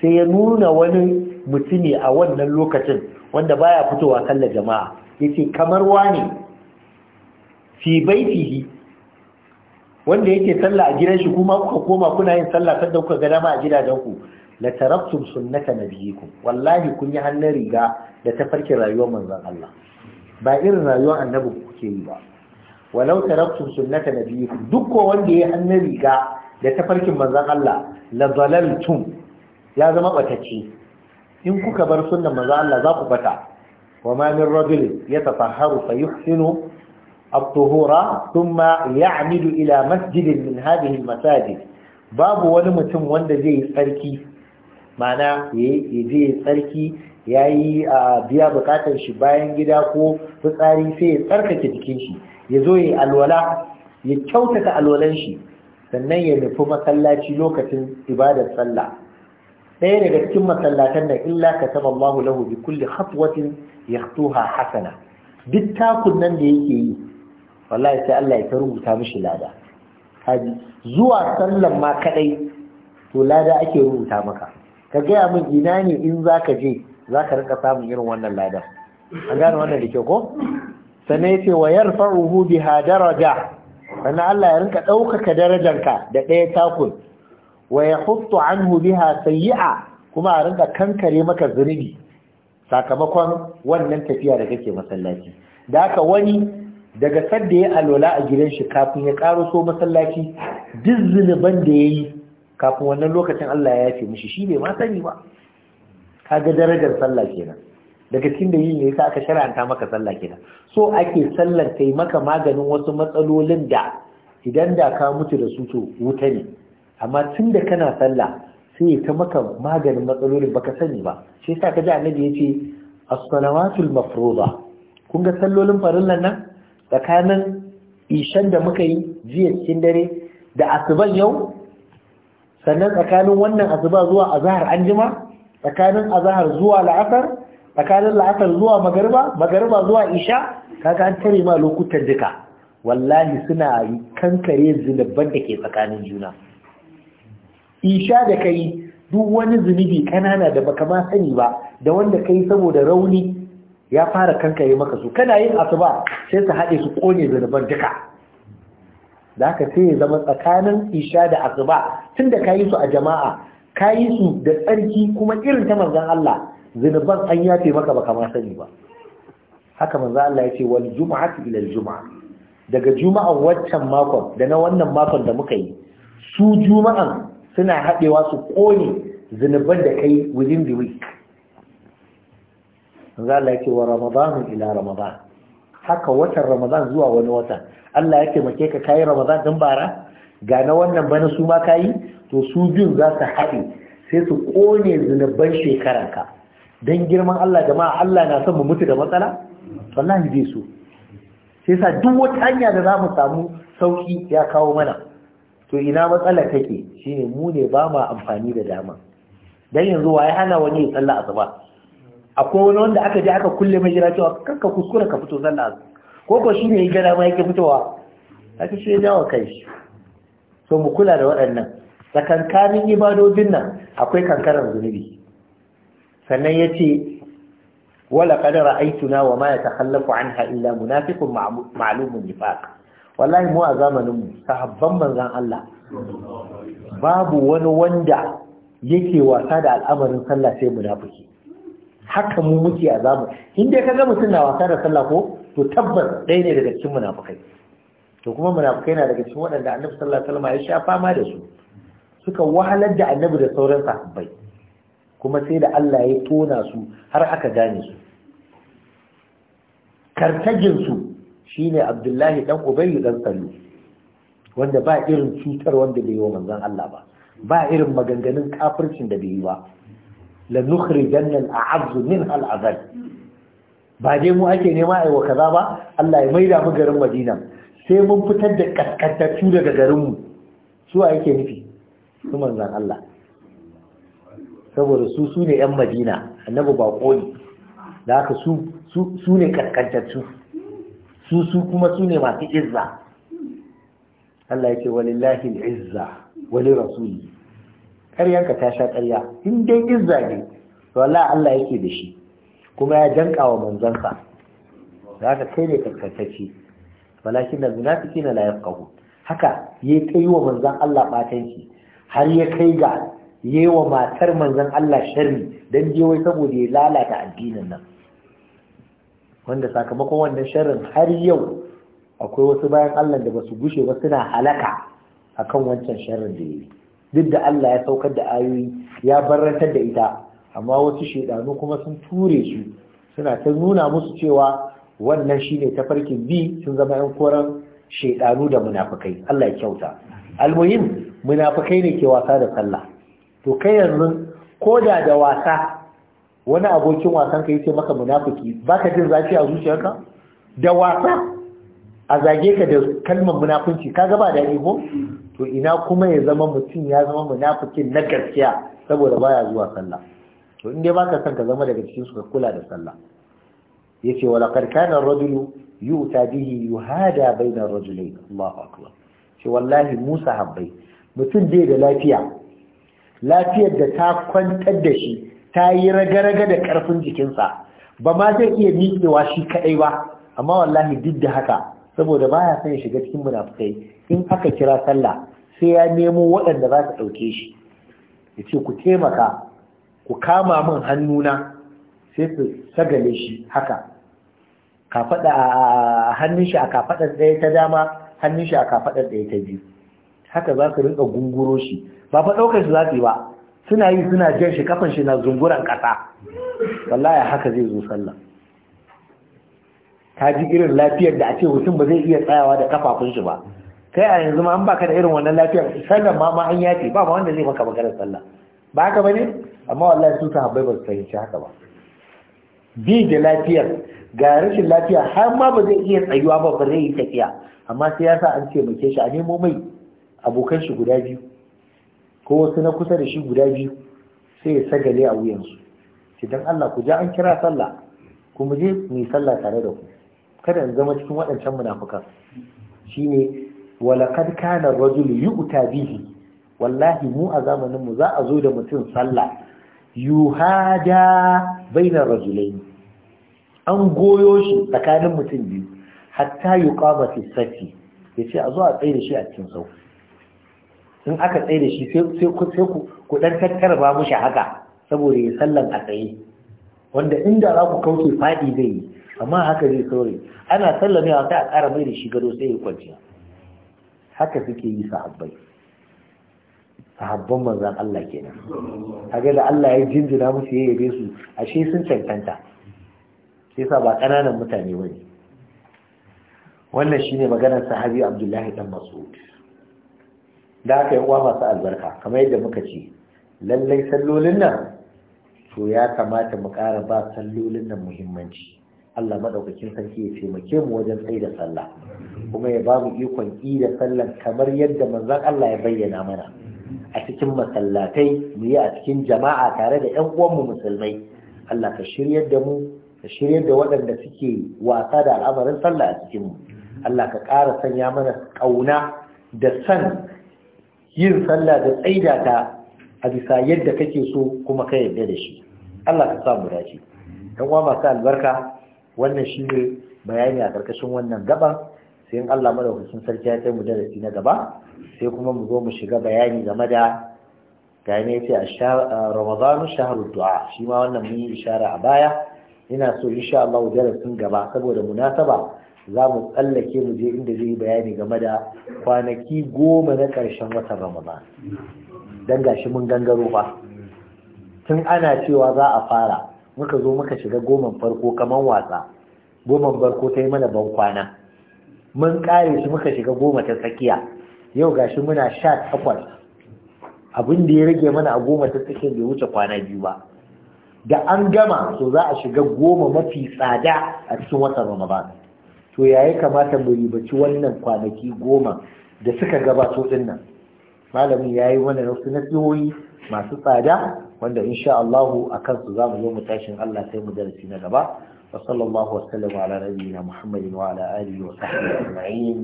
sai ya nuna wani mutumi a wannan lokacin wanda baya fitowa sallar jama'a yace kamar wane fi fi-fi, wanda yake sallah a gidan shi kuma kuka koma kuna yin sallah ta kuka ga dama a gidajen ku la taraktum sunnata nabiyikum wallahi kun yi hannun riga da ta rayuwar manzon Allah ba irin rayuwar annabi kuke yi ba walau taraktum sunnata nabiyikum duk ko wanda ya hannun riga da ta farkin manzon Allah la zalaltum ya zama batacce in kuka bar sunnan manzon Allah za ku bata وما من رجل يتطهر فيحسن الطهور ثم يعمد إلى مسجد من هذه المساجد باب ولمتم وند زي سركي معنى يجي سركي yayi biya bukatar shi bayan gida ko fitsari sai ya tsarkake jikin shi ya zo ya alwala ya kyautata alwalan shi sannan ya nufi masallaci lokacin ibadar sallah ɗaya daga cikin masallatan da illa ka taba Allahu lahu bi kulli khatwatin yaktuha hasana duk takun nan da yake yi wallahi sai Allah ya ta rubuta mishi lada haji zuwa sallan ma kadai to lada ake rubuta maka ka gaya min ina ne in zaka je zaka rika samun irin wannan ladan an gane wannan da ke ko sannan yace wa yarfa'uhu biha daraja sannan Allah ya rinka ɗaukaka darajanka da ɗaya takun wa an anhu biha a kuma a rinka kankare maka zunubi sakamakon wannan tafiya da kake masallaci da aka wani daga sadda ya alola a gidan shi kafin ya karo so masallaci duk zunuban da ya yi kafin wannan lokacin Allah ya yafe mishi shi bai ma sani ba kaga darajar sallah kenan daga cikin da yin sa aka shara'anta maka sallah kenan so ake sallar yi maka maganin wasu matsalolin da idan da ka mutu da su to wuta ne amma tun da kana sallah sai ya ta maka maganin matsalolin baka sani ba shi yasa kaji annabi yace as-salawatul mafruḍa kun ga sallolin farillan nan tsakanin ishan da muka yi jiya cikin dare da asuban yau sannan tsakanin wannan asuba zuwa azhar anjima tsakanin azhar zuwa la'asar tsakanin la'asar zuwa magariba magariba zuwa isha kaga an tare ma lokutan duka wallahi suna kankare zinabban da ke tsakanin juna isha da kai duk wani zunubi kanana da baka ma sani ba da wanda kai saboda rauni ya fara kanka yi maka su kana yin asuba sai su haɗe su ƙone zunuban duka da haka sai ya zama tsakanin isha da asuba tunda kayi su a jama'a kayi su da tsarki kuma irin ta manzon Allah zunuban an yafe maka baka ma sani ba haka manzon Allah ya ce wal jumu'atu ila al juma'a, daga juma'an waccan makon da na wannan makon da muka yi su juma'an suna haɗewa su ƙone zunuban da kai within the week za yake wa ramadanu ila ramadan haka watan ramadan zuwa wani watan Allah ya taimake ka kayi ramadan din bara ga na wannan bana su ma kayi to su biyun za su haɗe sai su ƙone zunuban shekaranka don girman Allah jama'a Allah na son mu mutu da matsala wallahi bai so sai sa duk wata hanya da za mu samu sauki ya kawo mana to ina matsala take shine mu ne ba ma amfani da dama dan yanzu waye hana wani ya tsalla asuba akwai wani wanda aka je aka kulle mai jira cewa kanka kuskura ka fito sallah asuba ko ko shine ya gada ma yake fitowa haka shi ya dawo kai shi so mu kula da waɗannan tsakankanin ibadodin nan akwai kankarar zunubi sannan ya ce, wala qad ra'aytuna wa ma yatakhallafu anha illa munafiqun ma'lumun nifaq wallahi mu a zamaninmu sahabban manzan Allah babu wani wanda yake wasa da al'amarin sallah sai munafiki haka mu muke a zamanin in dai kaga mutum na wasa da sallah ko to tabbas ɗaya ne daga cikin munafikai to kuma munafikai na daga cikin waɗanda annabi sallallahu alaihi wasallam ya sha fama da su suka wahalar da annabi da sauran sahabbai kuma sai da Allah ya tona su har aka gane su kartajin su shine abdullahi dan ubayy dan salu wanda ba irin cutar wanda bai yi wa Allah ba ba irin maganganun kafircin da bai yi ba la nukhrijanna al-a'z min al-azal ba dai mu ake nema ai kaza ba Allah ya maida mu garin Madina sai mun fitar da kaskantattu daga garin mu su a yake nufi su Manzan Allah saboda su su ne 'yan madina annabi ba ne da haka su ne kaskantattu su su kuma su ne masu izza Allah ya ce walillahi izza wali rasuli ƙaryanka ta sha ƙarya in dai izza ne to Allah Allah yake da shi kuma ya danka wa manzansa za ka kai ne karkatacce walakin da munafiki na layar ƙahu haka ya kai wa manzan Allah ɓatanci har ya kai ga yi wa matar manzan Allah sharri don je wai saboda ya lalata addinin nan wanda sakamakon wannan sharrin har yau akwai wasu bayan Allah da basu gushe ba suna halaka akan wancan sharrin da yi duk da Allah ya saukar da ayoyi ya barrantar da ita amma wasu shedanu kuma sun ture su suna ta nuna musu cewa wannan shine tafarkin bi sun zama yan koran shedanu da munafukai. Allah ya kyauta almuhim munafukai ne ke wasa da sallah to kai yanzu ko da da wasa wani abokin wasan ka yace maka munafiki baka jin zafi a zuciyarka da wasa a zage ka da kalmar munafunci kaga ba daɗi ko to ina kuma ya zama mutum ya zama munafikin na gaskiya saboda baya zuwa sallah to in dai baka son ka zama daga cikin su ka kula da sallah yace wala qad kana ar-rajulu yu'ta bihi yuhada bayna ar-rajulayn Allahu akbar ce wallahi Musa habbai mutum bai da lafiya lafiyar da ta kwantar da shi ta yi raga-raga da ƙarfin jikinsa ba ma zai iya miƙewa shi kaɗai ba amma wallahi duk da haka saboda baya son ya shiga cikin munafukai in aka kira sallah sai ya nemo waɗanda za su ɗauke shi ya ce ku taimaka ku kama min hannuna sai su sagale shi haka kafaɗa a hannun shi a kafaɗar ɗaya ta dama hannun shi a kafaɗar ɗaya ta biyu haka za su rinka gunguro shi ba fa ɗaukar shi za su yi ba suna yi suna jan shi kafan shi na zunguran kasa wallahi haka zai zo sallah ka ji irin lafiyar da a ce mutum ba zai iya tsayawa da kafafun shi ba kai a yanzu ma an baka da irin wannan lafiyar sallan ma ma an yafe ba ba wanda zai maka maganar sallah ba haka bane amma wallahi su sahabbai ba su fahimci haka ba bi da lafiyar ga rashin lafiya har ma ba zai iya tsayuwa ba ba zai yi tafiya amma sai ya sa an ce muke shi a nemo mai abokan shi guda biyu ko wasu na kusa da shi guda biyu sai ya sagale a wuyansu Idan Allah ku ja an kira sallah ku mu je mu yi sallah tare da ku kada in zama cikin waɗancan munafukan shine walaqad kana rajul yu'ta bihi wallahi mu a zamanin mu za a zo da mutum sallah yuhada baina rajulaini an goyo shi tsakanin mutum biyu hatta yuqama fi Ya yace a zo a tsaye da shi a cikin sauki in aka tsaye da shi sai ku ɗan tattara ba mushi haka saboda ya sallan a tsaye wanda inda za ku kauce faɗi zai yi amma haka zai saurayi ana a sai a ƙara mai da shi gado sai ya kwanciya haka suke yi sahabbai sahabban manzan Allah kenan kaga da Allah ya jinjina musu ya yabe su ashe sun cancanta sai sa ba kananan mutane bane wannan shine maganar sahabi Abdullahi dan Mas'ud da haka uwa masu albarka kamar yadda muka ce lallai sallolin nan to ya kamata mu ƙara ba sallolin nan muhimmanci Allah maɗaukakin sarki ya taimake mu wajen tsaye da sallah kuma ya ba mu ikon ƙi da sallan kamar yadda manzon Allah ya bayyana mana a cikin masallatai mu yi a cikin jama'a tare da ƴan uwanmu musulmai Allah ka shiryar da mu ka shiryar da waɗanda suke wasa da al'amarin sallah a cikin mu Allah ka ƙara sanya mana ƙauna da san yin sallah da tsaida ta a bisa yadda kake so kuma ka yadda da shi Allah ka samu dace dan uwa masu albarka wannan shine bayani a karkashin wannan gaban sai in Allah madaukakin sarki ya kai mu darasi na gaba sai kuma mu zo mu shiga bayani game da gane yace a Ramadan shahru du'a shi ma wannan mun yi ishara a baya ina so insha Allah darasin gaba saboda munasaba za mu tsallake mu je inda zai bayani game da kwanaki goma na ƙarshen watan ramadan don gashi mun gangaro ba tun ana cewa za a fara muka zo muka shiga goman farko kamar wasa goman farko ta yi mana ban kwana mun kare shi muka shiga goma ta tsakiya yau gashi muna sha takwas abin da ya rage mana a goma ta tsakiya bai wuce kwana biyu ba da an gama so za a shiga goma mafi tsada a cikin watan ramadan to ya kamata mu ribaci wannan kwanaki goma da suka gabato din nan malamin ya yi mana na nasihohi masu tsada wanda insha Allah a kansu za mu zo mu tashin Allah sai mu darasi na gaba wa sallallahu wa sallama ala nabiyyina Muhammadin wa ala alihi wa sahbihi ajma'in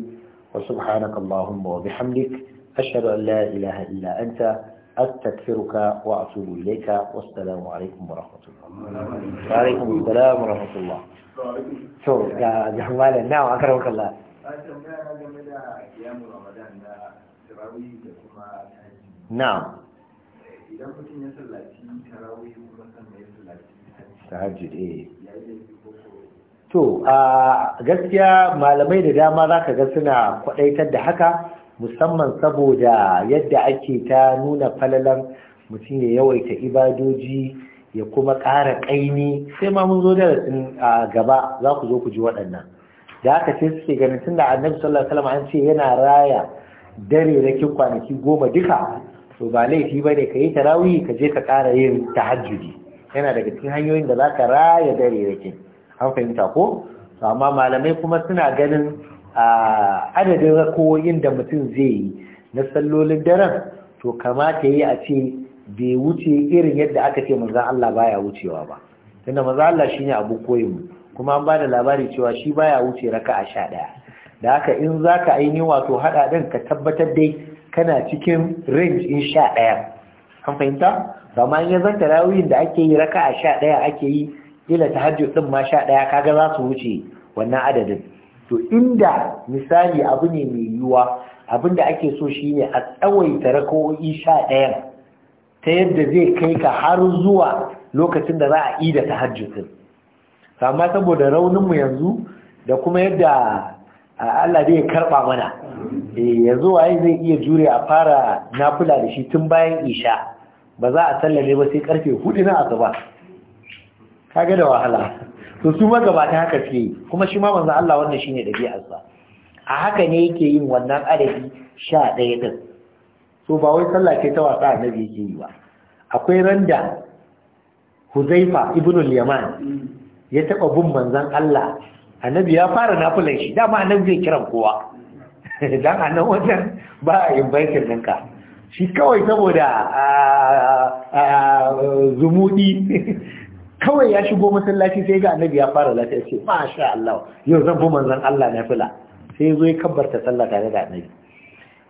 wa subhanaka Allahumma wa bihamdik ashhadu an la ilaha illa anta أستغفرك وأتوب إليك والسلام عليكم ورحمة الله وعليكم السلام ورحمة الله so ga na a karo kalla to a gaskiya malamai da dama za ka ga suna kwadaitar da haka musamman saboda yadda ake ta nuna falalan mutum ya yawaita ibadoji ya kuma ƙara ƙaini sai ma mun zo darasin a gaba za ku zo ku ji waɗannan da aka ce suke ganin tun da annabi sallallahu alaihi wasallam an ce yana raya dare da kin kwanaki goma duka to ba laifi ba ne ka yi tarawih ka je ka ƙara yin tahajjudi yana daga cikin hanyoyin da za ka raya dare da kin an fahimta ko to amma malamai kuma suna ganin a adadin rakowoyin da mutum zai yi na sallolin daren to kamata yi a ce bai wuce irin yadda aka ce maza Allah baya wucewa ba tunda maza Allah shine abu koyin kuma an bada labari cewa shi baya wuce raka sha 11 da haka in zaka aini wato haɗa ɗin ka tabbatar dai kana cikin range in 11 an fahimta ba ma ya zanta da ake yi sha 11 ake yi ila tahajjud ɗin ma sha 11 kaga za su wuce wannan adadin to inda misali abu ne mai yiwuwa abinda ake so shine a tsawaita raka'o'i 11 ta yadda zai kai ka har zuwa lokacin da za a yi da tahajjudin amma saboda rauninmu yanzu da kuma yadda Allah zai karba mana eh, yanzu waye zai iya jure a fara nafula da shi tun bayan isha ba za a sallame ba sai karfe hudu na asuba kaga da wahala to su ta haka suke kuma shi ma manzo Allah wannan shine dabi'arsa a haka ne yake yin wannan adadi 11 din so ba wai sallah ce ta wasa annabi yake yi ba akwai randa Huzaifa ibn al-Yaman ya taba bin manzon Allah annabi ya fara nafilan shi dama annabi zai kiran kowa [laughs] dan annabi wajen ba a invite ninka. shi kawai saboda zumudi [laughs] kawai ya shigo masallaci sai ga annabi ya fara lafiya ce masha Allah yau zan bi manzon Allah nafila sai zo ya kabbarta sallah tare da annabi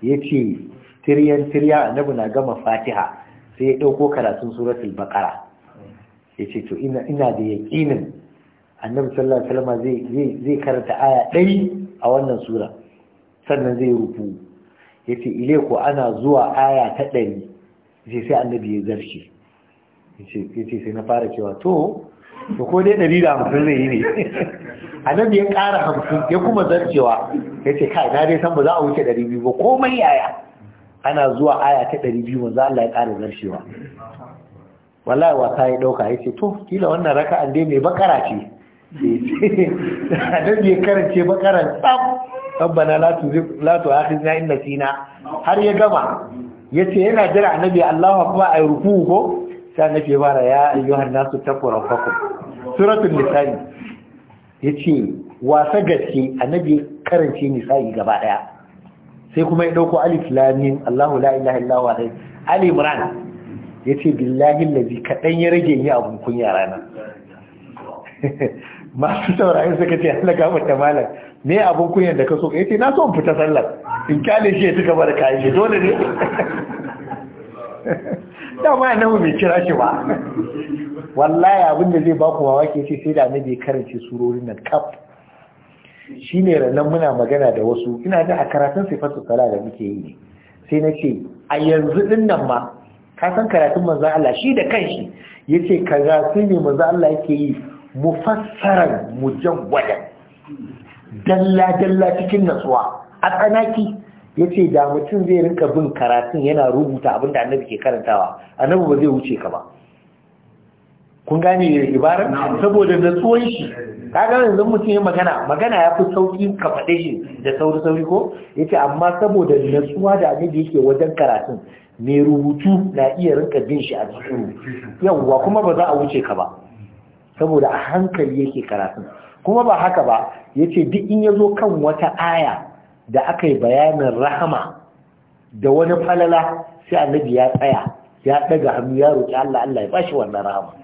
yace Tiryan tirya annabi na gama fatiha sai ya ɗauko karatun suratul baqara ya ce to ina da yaƙinin annabi sallallahu alaihi wasallam zai karanta aya ɗai a wannan sura sannan zai rufu ya ce ile ko ana zuwa aya ta ɗari sai sai annabi ya zarce ya ce sai na fara cewa to to ko dai ɗari da hamsin zai yi ne [laughs] annabi ya ƙara hamsin ya kuma zarcewa ya ce kai na dai san ba za a wuce ɗari biyu ba komai yaya ana zuwa aya ta 200 wanzu Allah ya ƙara zarshewa wallahi wasa ya ɗauka ya yace to kila wannan an dai mai bakara ce da ya karance bakaran tsaf rabbana latu tuzigh la tu'akhizna in sina har ya gama yace yana jira a wa Allahu a yi rufu ko na annabi bara ya har nasu taqu suratun nisani ya yace wasa gaske a nabi karance nisa'i gaba ɗaya. sai kuma ya dauko alif lamin Allahu la ilaha illa huwa ali imran yace billahi allazi kadan ya rage ni abun kunya rana [laughs] masu saurayi suka ce Allah ka mata malam me abun kunyan da ka so yace na so in fita sallar in kale shi ya tuka bar shi dole ne da ma nawa bai kira shi ba [laughs] wallahi abin da zai ba ku mamaki ce sai da bai karance surorin nan kaf Shi ne ranar muna magana da wasu ina da a karatun sifatu sala da muke yi ne sai na ce a yanzu din nan ma kasan karatun manza Allah shi da kan kanshi yace za su ne maza Allah yake yi mu mujan wajen dalla dalla cikin natsuwa a tsanaki yace da mutum zai rinka bin karatun yana rubuta abin da annabi ke karantawa annabi ba zai wuce ka ba kun gane ibarar saboda tsohon shi kaga zan mutum ya magana magana ya fi sauki ka faɗe shi da sauri sauri ko yace amma saboda natsuwa da da yake wajen karatun mai rubutu na iya rinka bin shi a cikin yawwa kuma ba za a wuce ka ba saboda a hankali yake karatun kuma ba haka ba yace duk in ya zo kan wata aya da aka yi bayanin rahama da wani falala sai annabi ya tsaya ya ɗaga hannu ya roki Allah Allah ya bashi wannan rahama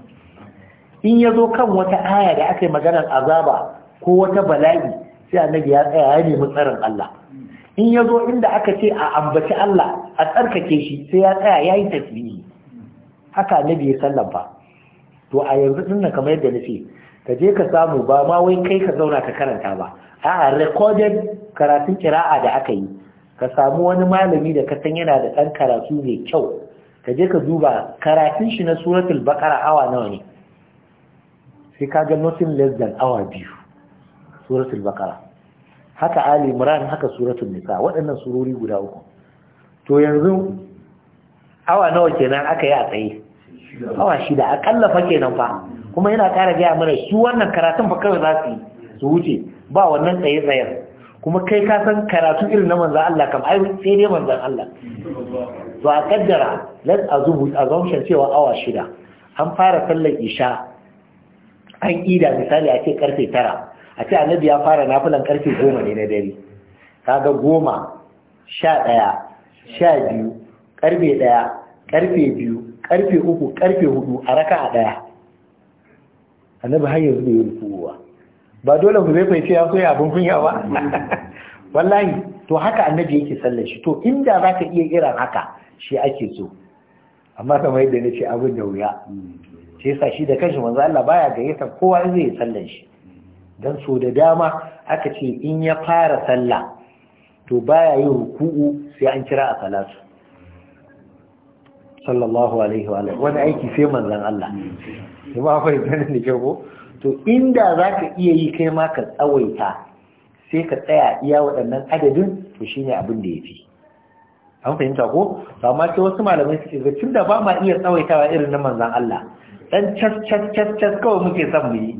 in ya zo kan wata aya da aka yi maganar azaba ko wata bala'i sai annabi ya tsaya ya nemi tsarin Allah in ya zo inda aka ce a ambaci Allah a tsarkake shi sai ya tsaya ya yi tasbihi haka annabi ya sallafa to a yanzu din nan kamar yadda nace ka je ka samu ba ma wai kai ka zauna ka karanta ba a'a recorded karatun kira'a da aka yi ka samu wani malami da ka san yana da ɗan karatu mai kyau ka je ka duba karatun shi na suratul baqara awa nawa ne sai ka ga nothing less than awa biyu suratul baqara haka ali imran haka suratul nisa waɗannan surori guda uku to yanzu awa nawa kenan aka yi a tsaye awa shida akalla fa kenan fa kuma yana ƙara gaya mana su wannan karatun fa kawai za su yi su wuce ba wannan tsaye tsayen kuma kai ka san karatu irin na manzan Allah kam ai sai dai manzan Allah to a kaddara let assumption cewa awa shida an fara sallar isha an ida misali a ce karfe tara a ce annabi ya fara nafilan karfe goma ne na dare kaga goma sha ɗaya sha biyu karfe ɗaya karfe biyu karfe uku karfe hudu a raka a ɗaya annabi har yanzu bai rufuwa ba dole ku zai ce ya ya abin kunya ba [laughs] wallahi to haka annabi yake sallar shi to inda za ka iya irin haka shi ake so amma kamar yadda na ce abin da wuya sai sa shi da kanshi manzo Allah baya gayyata kowa zai yi sallan shi dan so da dama aka ce in ya fara sallah to baya yin ruku'u sai an kira a salatu sallallahu alaihi wa wani aiki sai manzon Allah sai ba fa idan ne ke ko to inda zaka iya yi kai ma ka tsawaita sai ka tsaya iya waɗannan adadin to shine abin da yafi an fahimta ko amma sai wasu malamai suke ga tunda ba ma iya tsawaitawa irin na manzon Allah Ɗan cas cas cas kawai muke son mu yi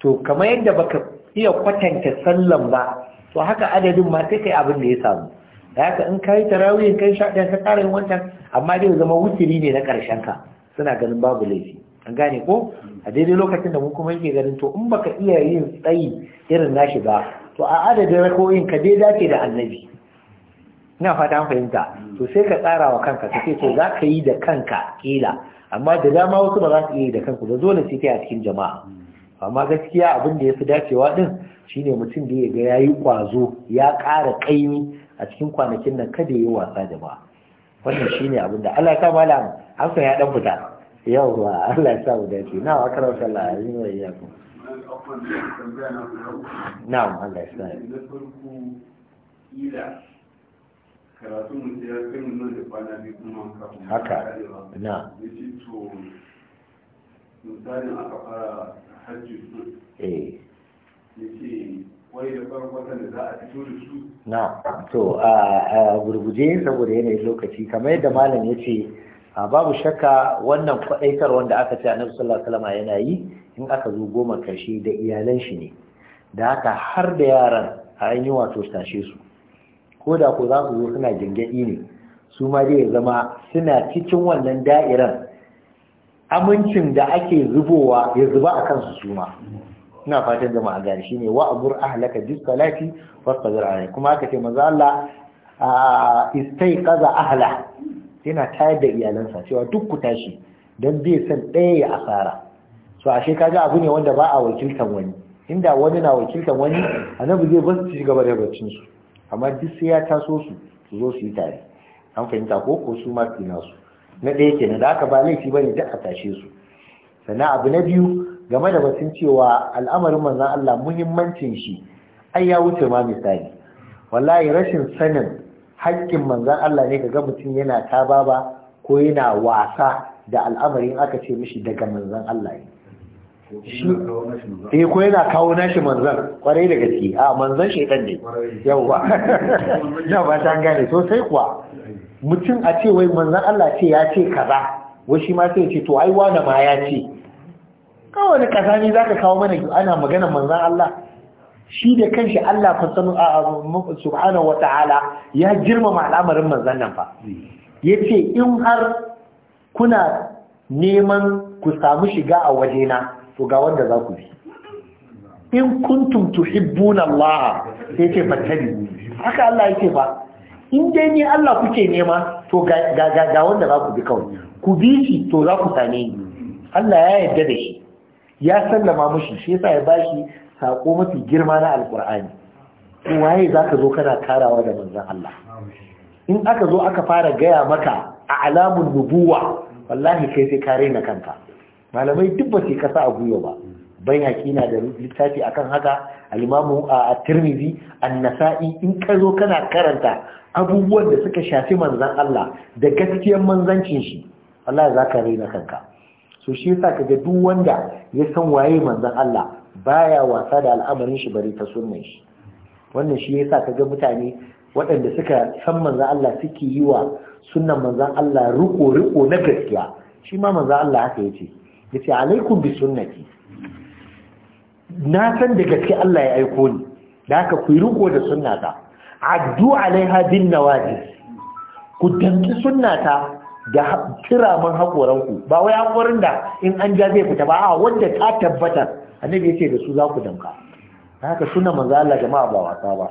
to kamar yadda baka iya kwatanta sallan ba to haka adadin ma sai kai abin da ya samu da haka in kai tarawih kai sha ɗaya ka ƙara yin wancan amma dai zama wutiri ne na ƙarshen ka suna ganin babu laifi an gane ko a daidai lokacin da mu kuma yake ganin to in baka iya yin tsayi irin nashi ba to a adadin rakoyin ka dai dace da annabi ina fata an fahimta to sai ka tsara wa kanka kace to za ka yi da kanka kila amma da dama wasu ba za su iya yi da kanku da dole sai kai a cikin jama'a amma gaskiya abin da ya fi dacewa din shine mutum da ya ga yayi yi kwazo ya ƙara kaimi a cikin kwanakin nan kada ya yi wasa jama'a wannan shine abin da Allah ta malam an ya dan fita ba Allah ya sa mu dace na wa karau sallallahu alaihi wa sallam na'am Allah ya sa karatu mu ya kai mu nan da kwana biyu kuma kafin haka na yace to misalin aka fara hajji su eh yace wai da farko da za a fito da su na to a gurguje saboda yanayin lokaci kamar yadda malam ya ce babu shakka wannan kwaɗaitar wanda aka ce annabi sallallahu alaihi wasallam yana yi in aka zo goma karshe da iyalan shi ne da haka har da yaran a yi wato tashe su ko da ko za su zo suna gingadi ne su ma zai zama suna cikin wannan da'iran amincin da ake zubowa ya zuba a kansu su ma ina fatan zama a Shi shine wa abur ahlaka bis salati wasbir kuma aka ce maza Allah kaza ahla yana tayar da iyalansa cewa duk ku tashi Don bai san ɗaya ya asara Su ashe ka ga abu ne wanda ba a wakiltan wani inda wani na wakiltan wani annabi zai bar su gaba da baccin su amma duk sai ya taso su su zo su yi tare an fahimta ko ko su ma su nasu na ɗaya kenan da aka ba laifi bane duk a tashe su sannan abu na biyu game da batun cewa al'amarin manzan Allah muhimmancin shi ai ya wuce ma misali wallahi rashin sanin haƙƙin manzan Allah ne kaga mutum yana tababa ko yana wasa da al'amarin aka ce mishi daga manzan Allah ne eh ko yana kawo nashi manzan kwarai da gaske a manzan shaitan ne yawwa da [laughs] ba ta gane sosai kuwa mutum a ce wai manzan Allah ce ya ce kaza wai shi ma sai ce to ai wani ma ya ce kawai wani kaza ne zaka kawo mana ana magana manzan Allah shi da kanshi Allah sanu a subhanahu wata'ala ya girmama al'amarin manzan nan fa yace in har kuna neman ku samu shiga a wajena to ga wanda za ku bi in kuntum tuhibbuna Allah sai ce fattabi haka Allah yake fa in dai ni Allah kuke nema to ga ga ga wanda za ku bi kawai ku bi shi to za ku same ni Allah ya yarda da shi ya sallama mushi shi yasa ya bashi sako mafi girma na alkur'ani to waye zaka zo kana karawa da manzon Allah in aka zo aka fara gaya maka a alamun nubuwa wallahi kai sai ka raina kanka malamai duk ba su kasa a gwiwa ba ban yaƙi na da littafi akan haka alimamu a tirmizi annasa'i in ka zo kana karanta abubuwan da suka shafi manzan Allah da gaskiyar manzancin shi Allah za ka raina kanka so shi yasa ka ga duk wanda ya san waye manzan Allah baya wasa da al'amarin shi bare ta sunnan shi wannan shi yasa ka ga mutane waɗanda suka san manzan Allah suke yi wa sunnan manzan Allah riko riko na gaskiya shi ma manzan Allah haka yace yace alaikum bi sunnati na san da gaske Allah ya aiko ni da haka ku riko da sunnata addu alaiha bin nawajis ku danki sunnata da kira man hakoran ku ba wai hakorin da in an ja zai fita ba a wanda ta tabbata annabi yace da su za ku danka da haka sunna manzo Allah jama'a ba wasa ba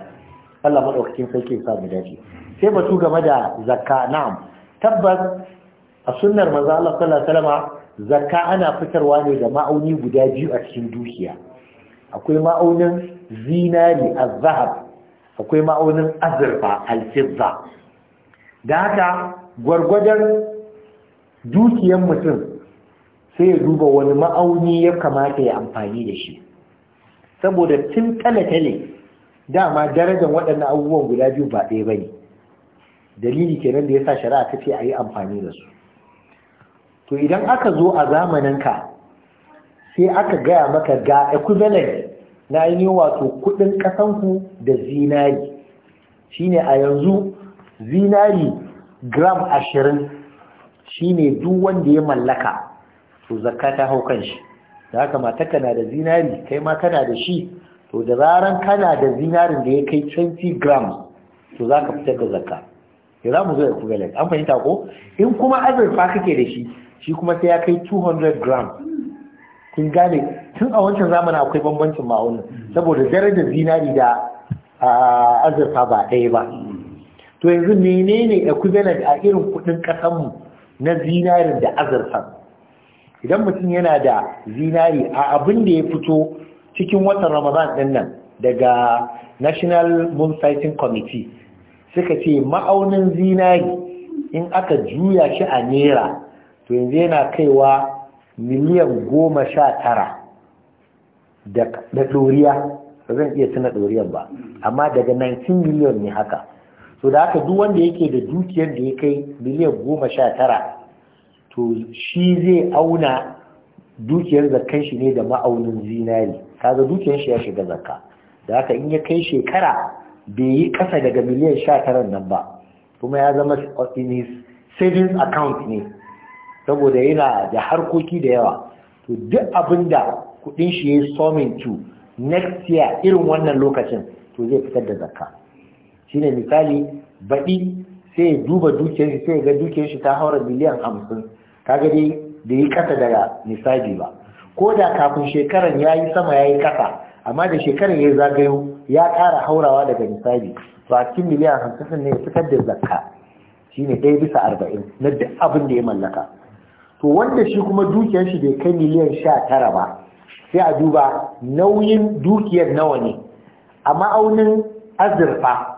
Allah madaukakin sarki ya sa mu dace sai batu game da zakka na'am tabbas a sunnar manzo Allah sallallahu alaihi zakka ana fitarwa ne da ma'auni guda biyu a cikin dukiya akwai ma'aunin zinari a zahab. akwai ma'aunin azurfa alfizza da haka gwargwadon dukiyan mutum sai ya duba wani ma'auni ya kamata ya amfani da shi saboda tun tale-tale dama darajar waɗannan abubuwan guda biyu ba ɗaya ba ne dalili kenan da ya sa shari'a ta ce a yi amfani da su to idan aka zo a zamaninka sai aka gaya maka ga equivalent na yi wato kudin kasanku da zinari shine a yanzu zinari gram ashirin shine duk wanda ya mallaka to zakka ta hau kan shi da haka mata kana da zinari kai ma kana da shi to da zaran kana da zinarin da ya kai 20 gram, to za ka fitar da zakka ya za mu zo equivalent an fahimta ko in kuma azurfa kake da shi shi kuma sai ya kai 200 gram kun gane tun a wancan zamanin akwai bambancin ma'aunin saboda darajar zinari da azurfa ba ɗaya ba to yanzu menene equivalent a irin kudin kasanmu na zinarin da azurfa idan mutum yana da zinari a abin da ya fito cikin watan ramadan din nan daga national moon sighting committee suka ce ma'aunin zinari in aka juya shi a naira to yanzu yana kaiwa miliyan goma sha tara da ɗoriya ba zan iya tuna ɗoriyar ba amma daga 19 miliyan ne haka to da haka duk wanda yake da dukiyar da ya kai miliyan goma sha tara to shi zai auna dukiyar zakkan shi ne da ma'aunin zinari kaga dukiyar shi ya shiga zakka da haka in ya kai shekara bai yi kasa daga miliyan sha tara nan ba kuma ya zama in savings ne saboda yana da harkoki da yawa to duk abinda kudin shi yayi somin to next year irin wannan lokacin to zai fitar da zakka shine misali baɗi sai ya duba dukiyar shi sai ya ga dukiyar shi ta haura miliyan hamsin kaga dai da yi kasa daga nisabi ba ko da kafin shekaran ya yi sama ya yi kasa amma da shekaran ya zagayo ya ƙara haurawa daga nisabi to a cikin miliyan hamsin ne ya fitar da zakka shine ɗaya bisa arba'in na duk abin da ya mallaka to wanda shi kuma dukiyar shi bai kai miliyan sha tara ba sai a duba nauyin dukiyar nawa ne a ma'aunin azurfa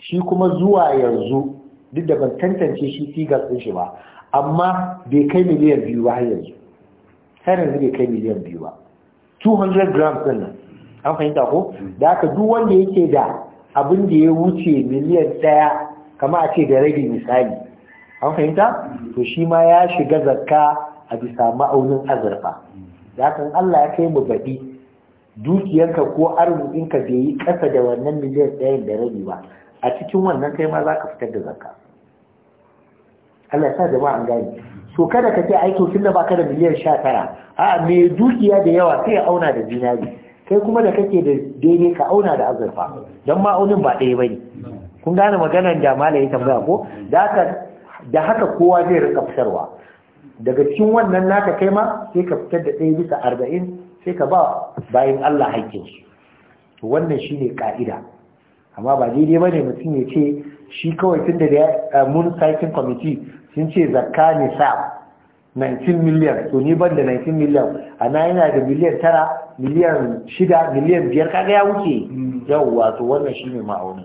shi kuma zuwa yanzu duk da ban tantance shi sigar ɗin shi ba amma bai kai miliyan biyu ba har yanzu har yanzu bai kai miliyan biyu ba 200 grams ɗin nan an fahimta ko da haka duk wanda yake da abin da ya wuce miliyan ɗaya kamar a ce da rage misali an fahimta to shi ma ya shiga zakka a bisa ma'aunin azurfa da kan Allah ya kai mu baɗi dukiyarka ko arzikinka bai yi ƙasa da wannan miliyan ɗaya da rabi ba a cikin wannan kai ma za ka fitar da zakka Allah ya sa jama'a an gane so kada ka ce aiki tun da ka da miliyan sha tara a me dukiya da yawa sai ya auna da zinari kai kuma da kake da daidai ka auna da azurfa don ma'aunin ba ɗaya ba ne kun gane maganar da ya ya tambaya ko da haka da haka kowa zai rika fitarwa daga cikin wannan naka kai ma sai ka fitar da ɗaya bisa arba'in sai ka ba bayan Allah haƙƙinsu to wannan shi ne ƙa'ida amma ba daidai ba ne mutum ya ce shi kawai tun da mun saikin kwamiti sun ce zakka ne sa 19 miliyan to ni ban da 19 miliyan a na yana da miliyan tara miliyan shida miliyan biyar kaga ya wuce mm. Yau, to wannan shi ne ma'aunin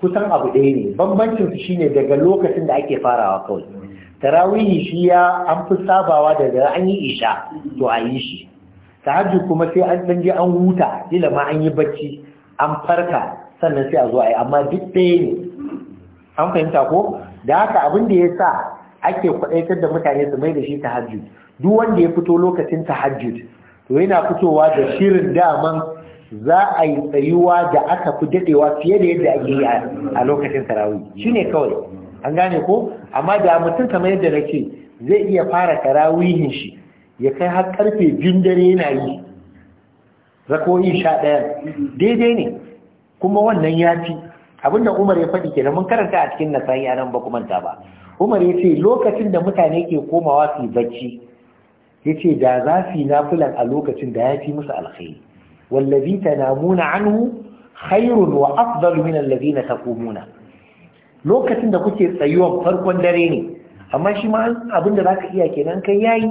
kusan abu ɗaya ne bambancin shi ne daga lokacin da ake farawa kawai tarawihi shi ya an fi sabawa daga an yi isha to a yi shi tahajjud kuma sai an dan je an huta kila ma an yi bacci an farka sannan sai a zo a yi amma duk ɗaya ne an fahimta ko da haka abin da ya sa ake kwaɗaitar da mutane su mai da shi tahajjud duk wanda ya fito lokacin tahajjud to yana fitowa da shirin daman za a yi tsayuwa da aka fi daɗewa fiye da yadda ake yi a lokacin tarawih ne kawai an gane ko amma da mutum kamar yadda na ce zai iya fara tarawihin shi ya kai har karfe biyun dare yana yi zakoyi sha ɗaya daidai ne kuma wannan ya fi abinda umar ya faɗi kenan mun karanta a cikin nasa a nan ba ku manta ba umar ya ce lokacin da mutane ke komawa su bacci ya ce da za su yi nafilan a lokacin da ya fi musu alkhairi wallazi tanamuna anhu khairun wa afdalu min allazina taqumuna lokacin da kuke tsayuwar farkon dare ne amma shi ma abin da zaka iya kenan kai yayi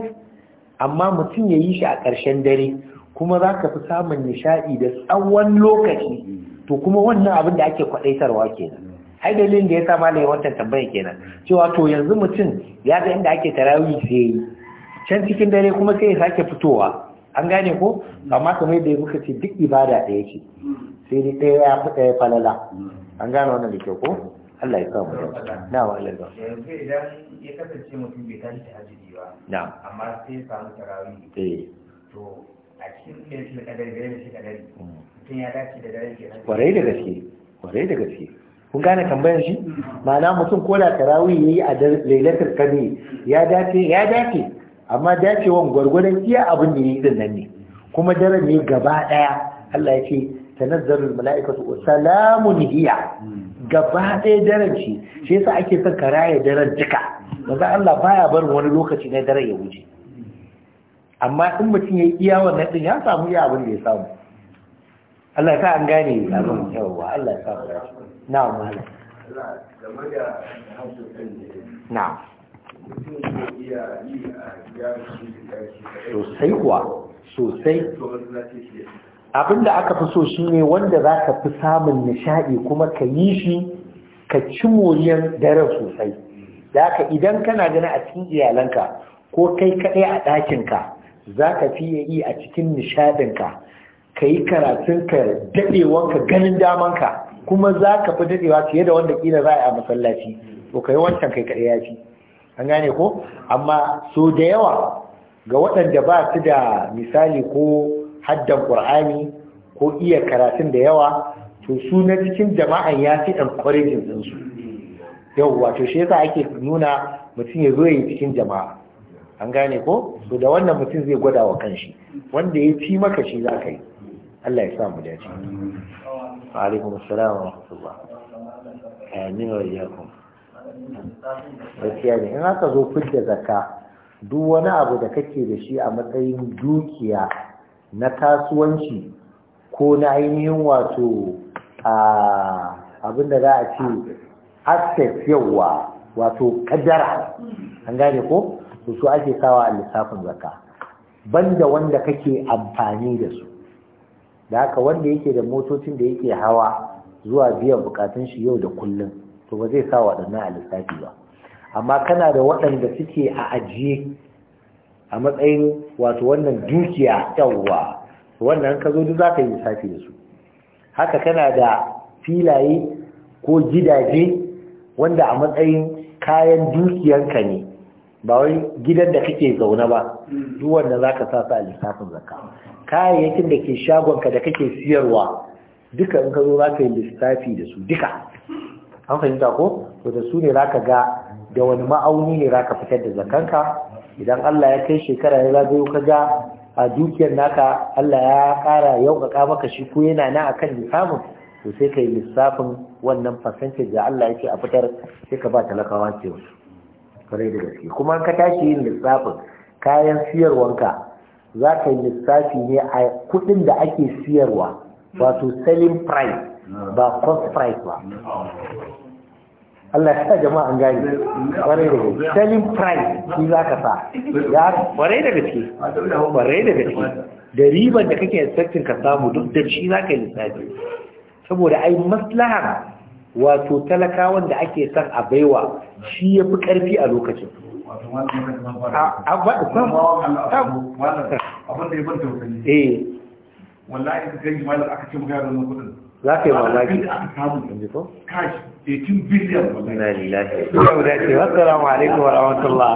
amma mutum yayi shi a ƙarshen dare kuma zaka fi samun nishadi da tsawon lokaci to kuma wannan abin da ake kwadaitarwa kenan ai dalilin da ya sa malai wannan tambaya kenan cewa to yanzu mutum ya ga inda ake tarawih sai can cikin dare kuma sai ya sake fitowa an gane ko amma kamar da muka ce duk ibada ɗaya ce sai dai ɗaya ya fi ɗaya falala an gane wannan da kyau ko Allah ya samu yau na wa Allah ya yanzu idan ya kasance mutum bai tashi ta hajji ba na amma sai ya samu tarawi. eh to a cikin ɗaya shi kadari da yadda shi kadari mutum ya dace da dare kenan kwarai da gaske kwarai da gaske kun gane tambayar shi ma'ana mutum ko da ya yi a lailatul qadr ya dace ya dace amma dacewan gwargwaron iya abin da yi din nan ne kuma daren ne gaba daya Allah ya ce tanazzalul mala'ikatu wa salamun hiya gaba daya daren ce shi yasa ake son karaya daren duka manzo Allah baya barin wani lokaci na daren ya wuce amma in mutum ya iya wannan din ya samu iya abin da ya samu Allah ya sa an gane abin yawa Allah ya sa na'am malam na'am sosai kuwa sosai abinda aka fi so shine wanda za ka fi samun nishadi kuma ka yi shi ka ci moriyar dare sosai da ka idan kana gani a cikin iyalanka ko kai kaɗai a ɗakinka za ka fi yi a cikin nishadinka ka yi karatunka daɗewanka ganin damanka kuma za ka fi daɗewa fiye da wanda ƙila za a yi a masallaci to ka yi wancan kai kaɗai ya ci an gane ko amma so da yawa ga waɗanda ba su da misali ko haddan ƙur'ani ko iya karatun da yawa to su na cikin jama'an ya fi encouraging su yau wato shi yasa ake nuna mutum ya zo yi cikin jama'a an gane ko so da wannan mutum zai gwada wa kanshi wanda ya ci maka shi za ka yi Allah ya sa mu dace wa alaikum wa rahmatullah amin wa iyyakum gaskiya ne in aka zo fidda zakka duk wani abu da kake da shi a matsayin dukiya na kasuwanci ko na ainihin wato abin da za a ce asset yawa wato kadara an gane ko to su ake sawa a lissafin zakka banda wanda kake amfani da su da haka wanda yake da motocin da yake hawa zuwa biyan bukatun shi yau da kullum to ba zai sa waɗannan a lissafi ba amma kana da waɗanda suke a ajiye a matsayin wato wannan dukiya yawwa wannan ka zo duk za ka yi lissafi da su haka kana da filaye ko gidaje wanda a matsayin kayan dukiyanka ne ba wai gidan da kake zaune ba duk wanda za ka sa su a lissafin zakka kayayyakin da ke shagonka da kake siyarwa duka in ka zo za ka yi lissafi da su duka an fahimta ko to da su ne zaka ga da wani ma'auni ne zaka fitar da zakanka idan Allah ya kai shekara ya zagayo ka ga a dukiyar naka Allah ya ƙara yauƙaƙa maka shi ko yana na akan lissafin to sai ka yi lissafin wannan percentage da Allah yake a fitar sai ka ba talakawa ce wasu kare da gaske kuma ka tashi yin lissafin kayan siyarwanka za ka yi lissafi ne a kuɗin da ake siyarwa wato selling price ba cross price ba Allah ya jama'a an gani ƙwarai da gaske selling price shi za ka sa ya ƙwarai da gaske ƙwarai da gaske da riban da kake expecting ka samu duk da shi za ka yi lissafi saboda ai maslaha wato talakawan da ake son a baiwa shi ya fi ƙarfi a lokacin abin da ya ban eh. wallahi ka kai aka ce kudin za ka yi mamaki inji ko? kashi 18 billion na lillahi.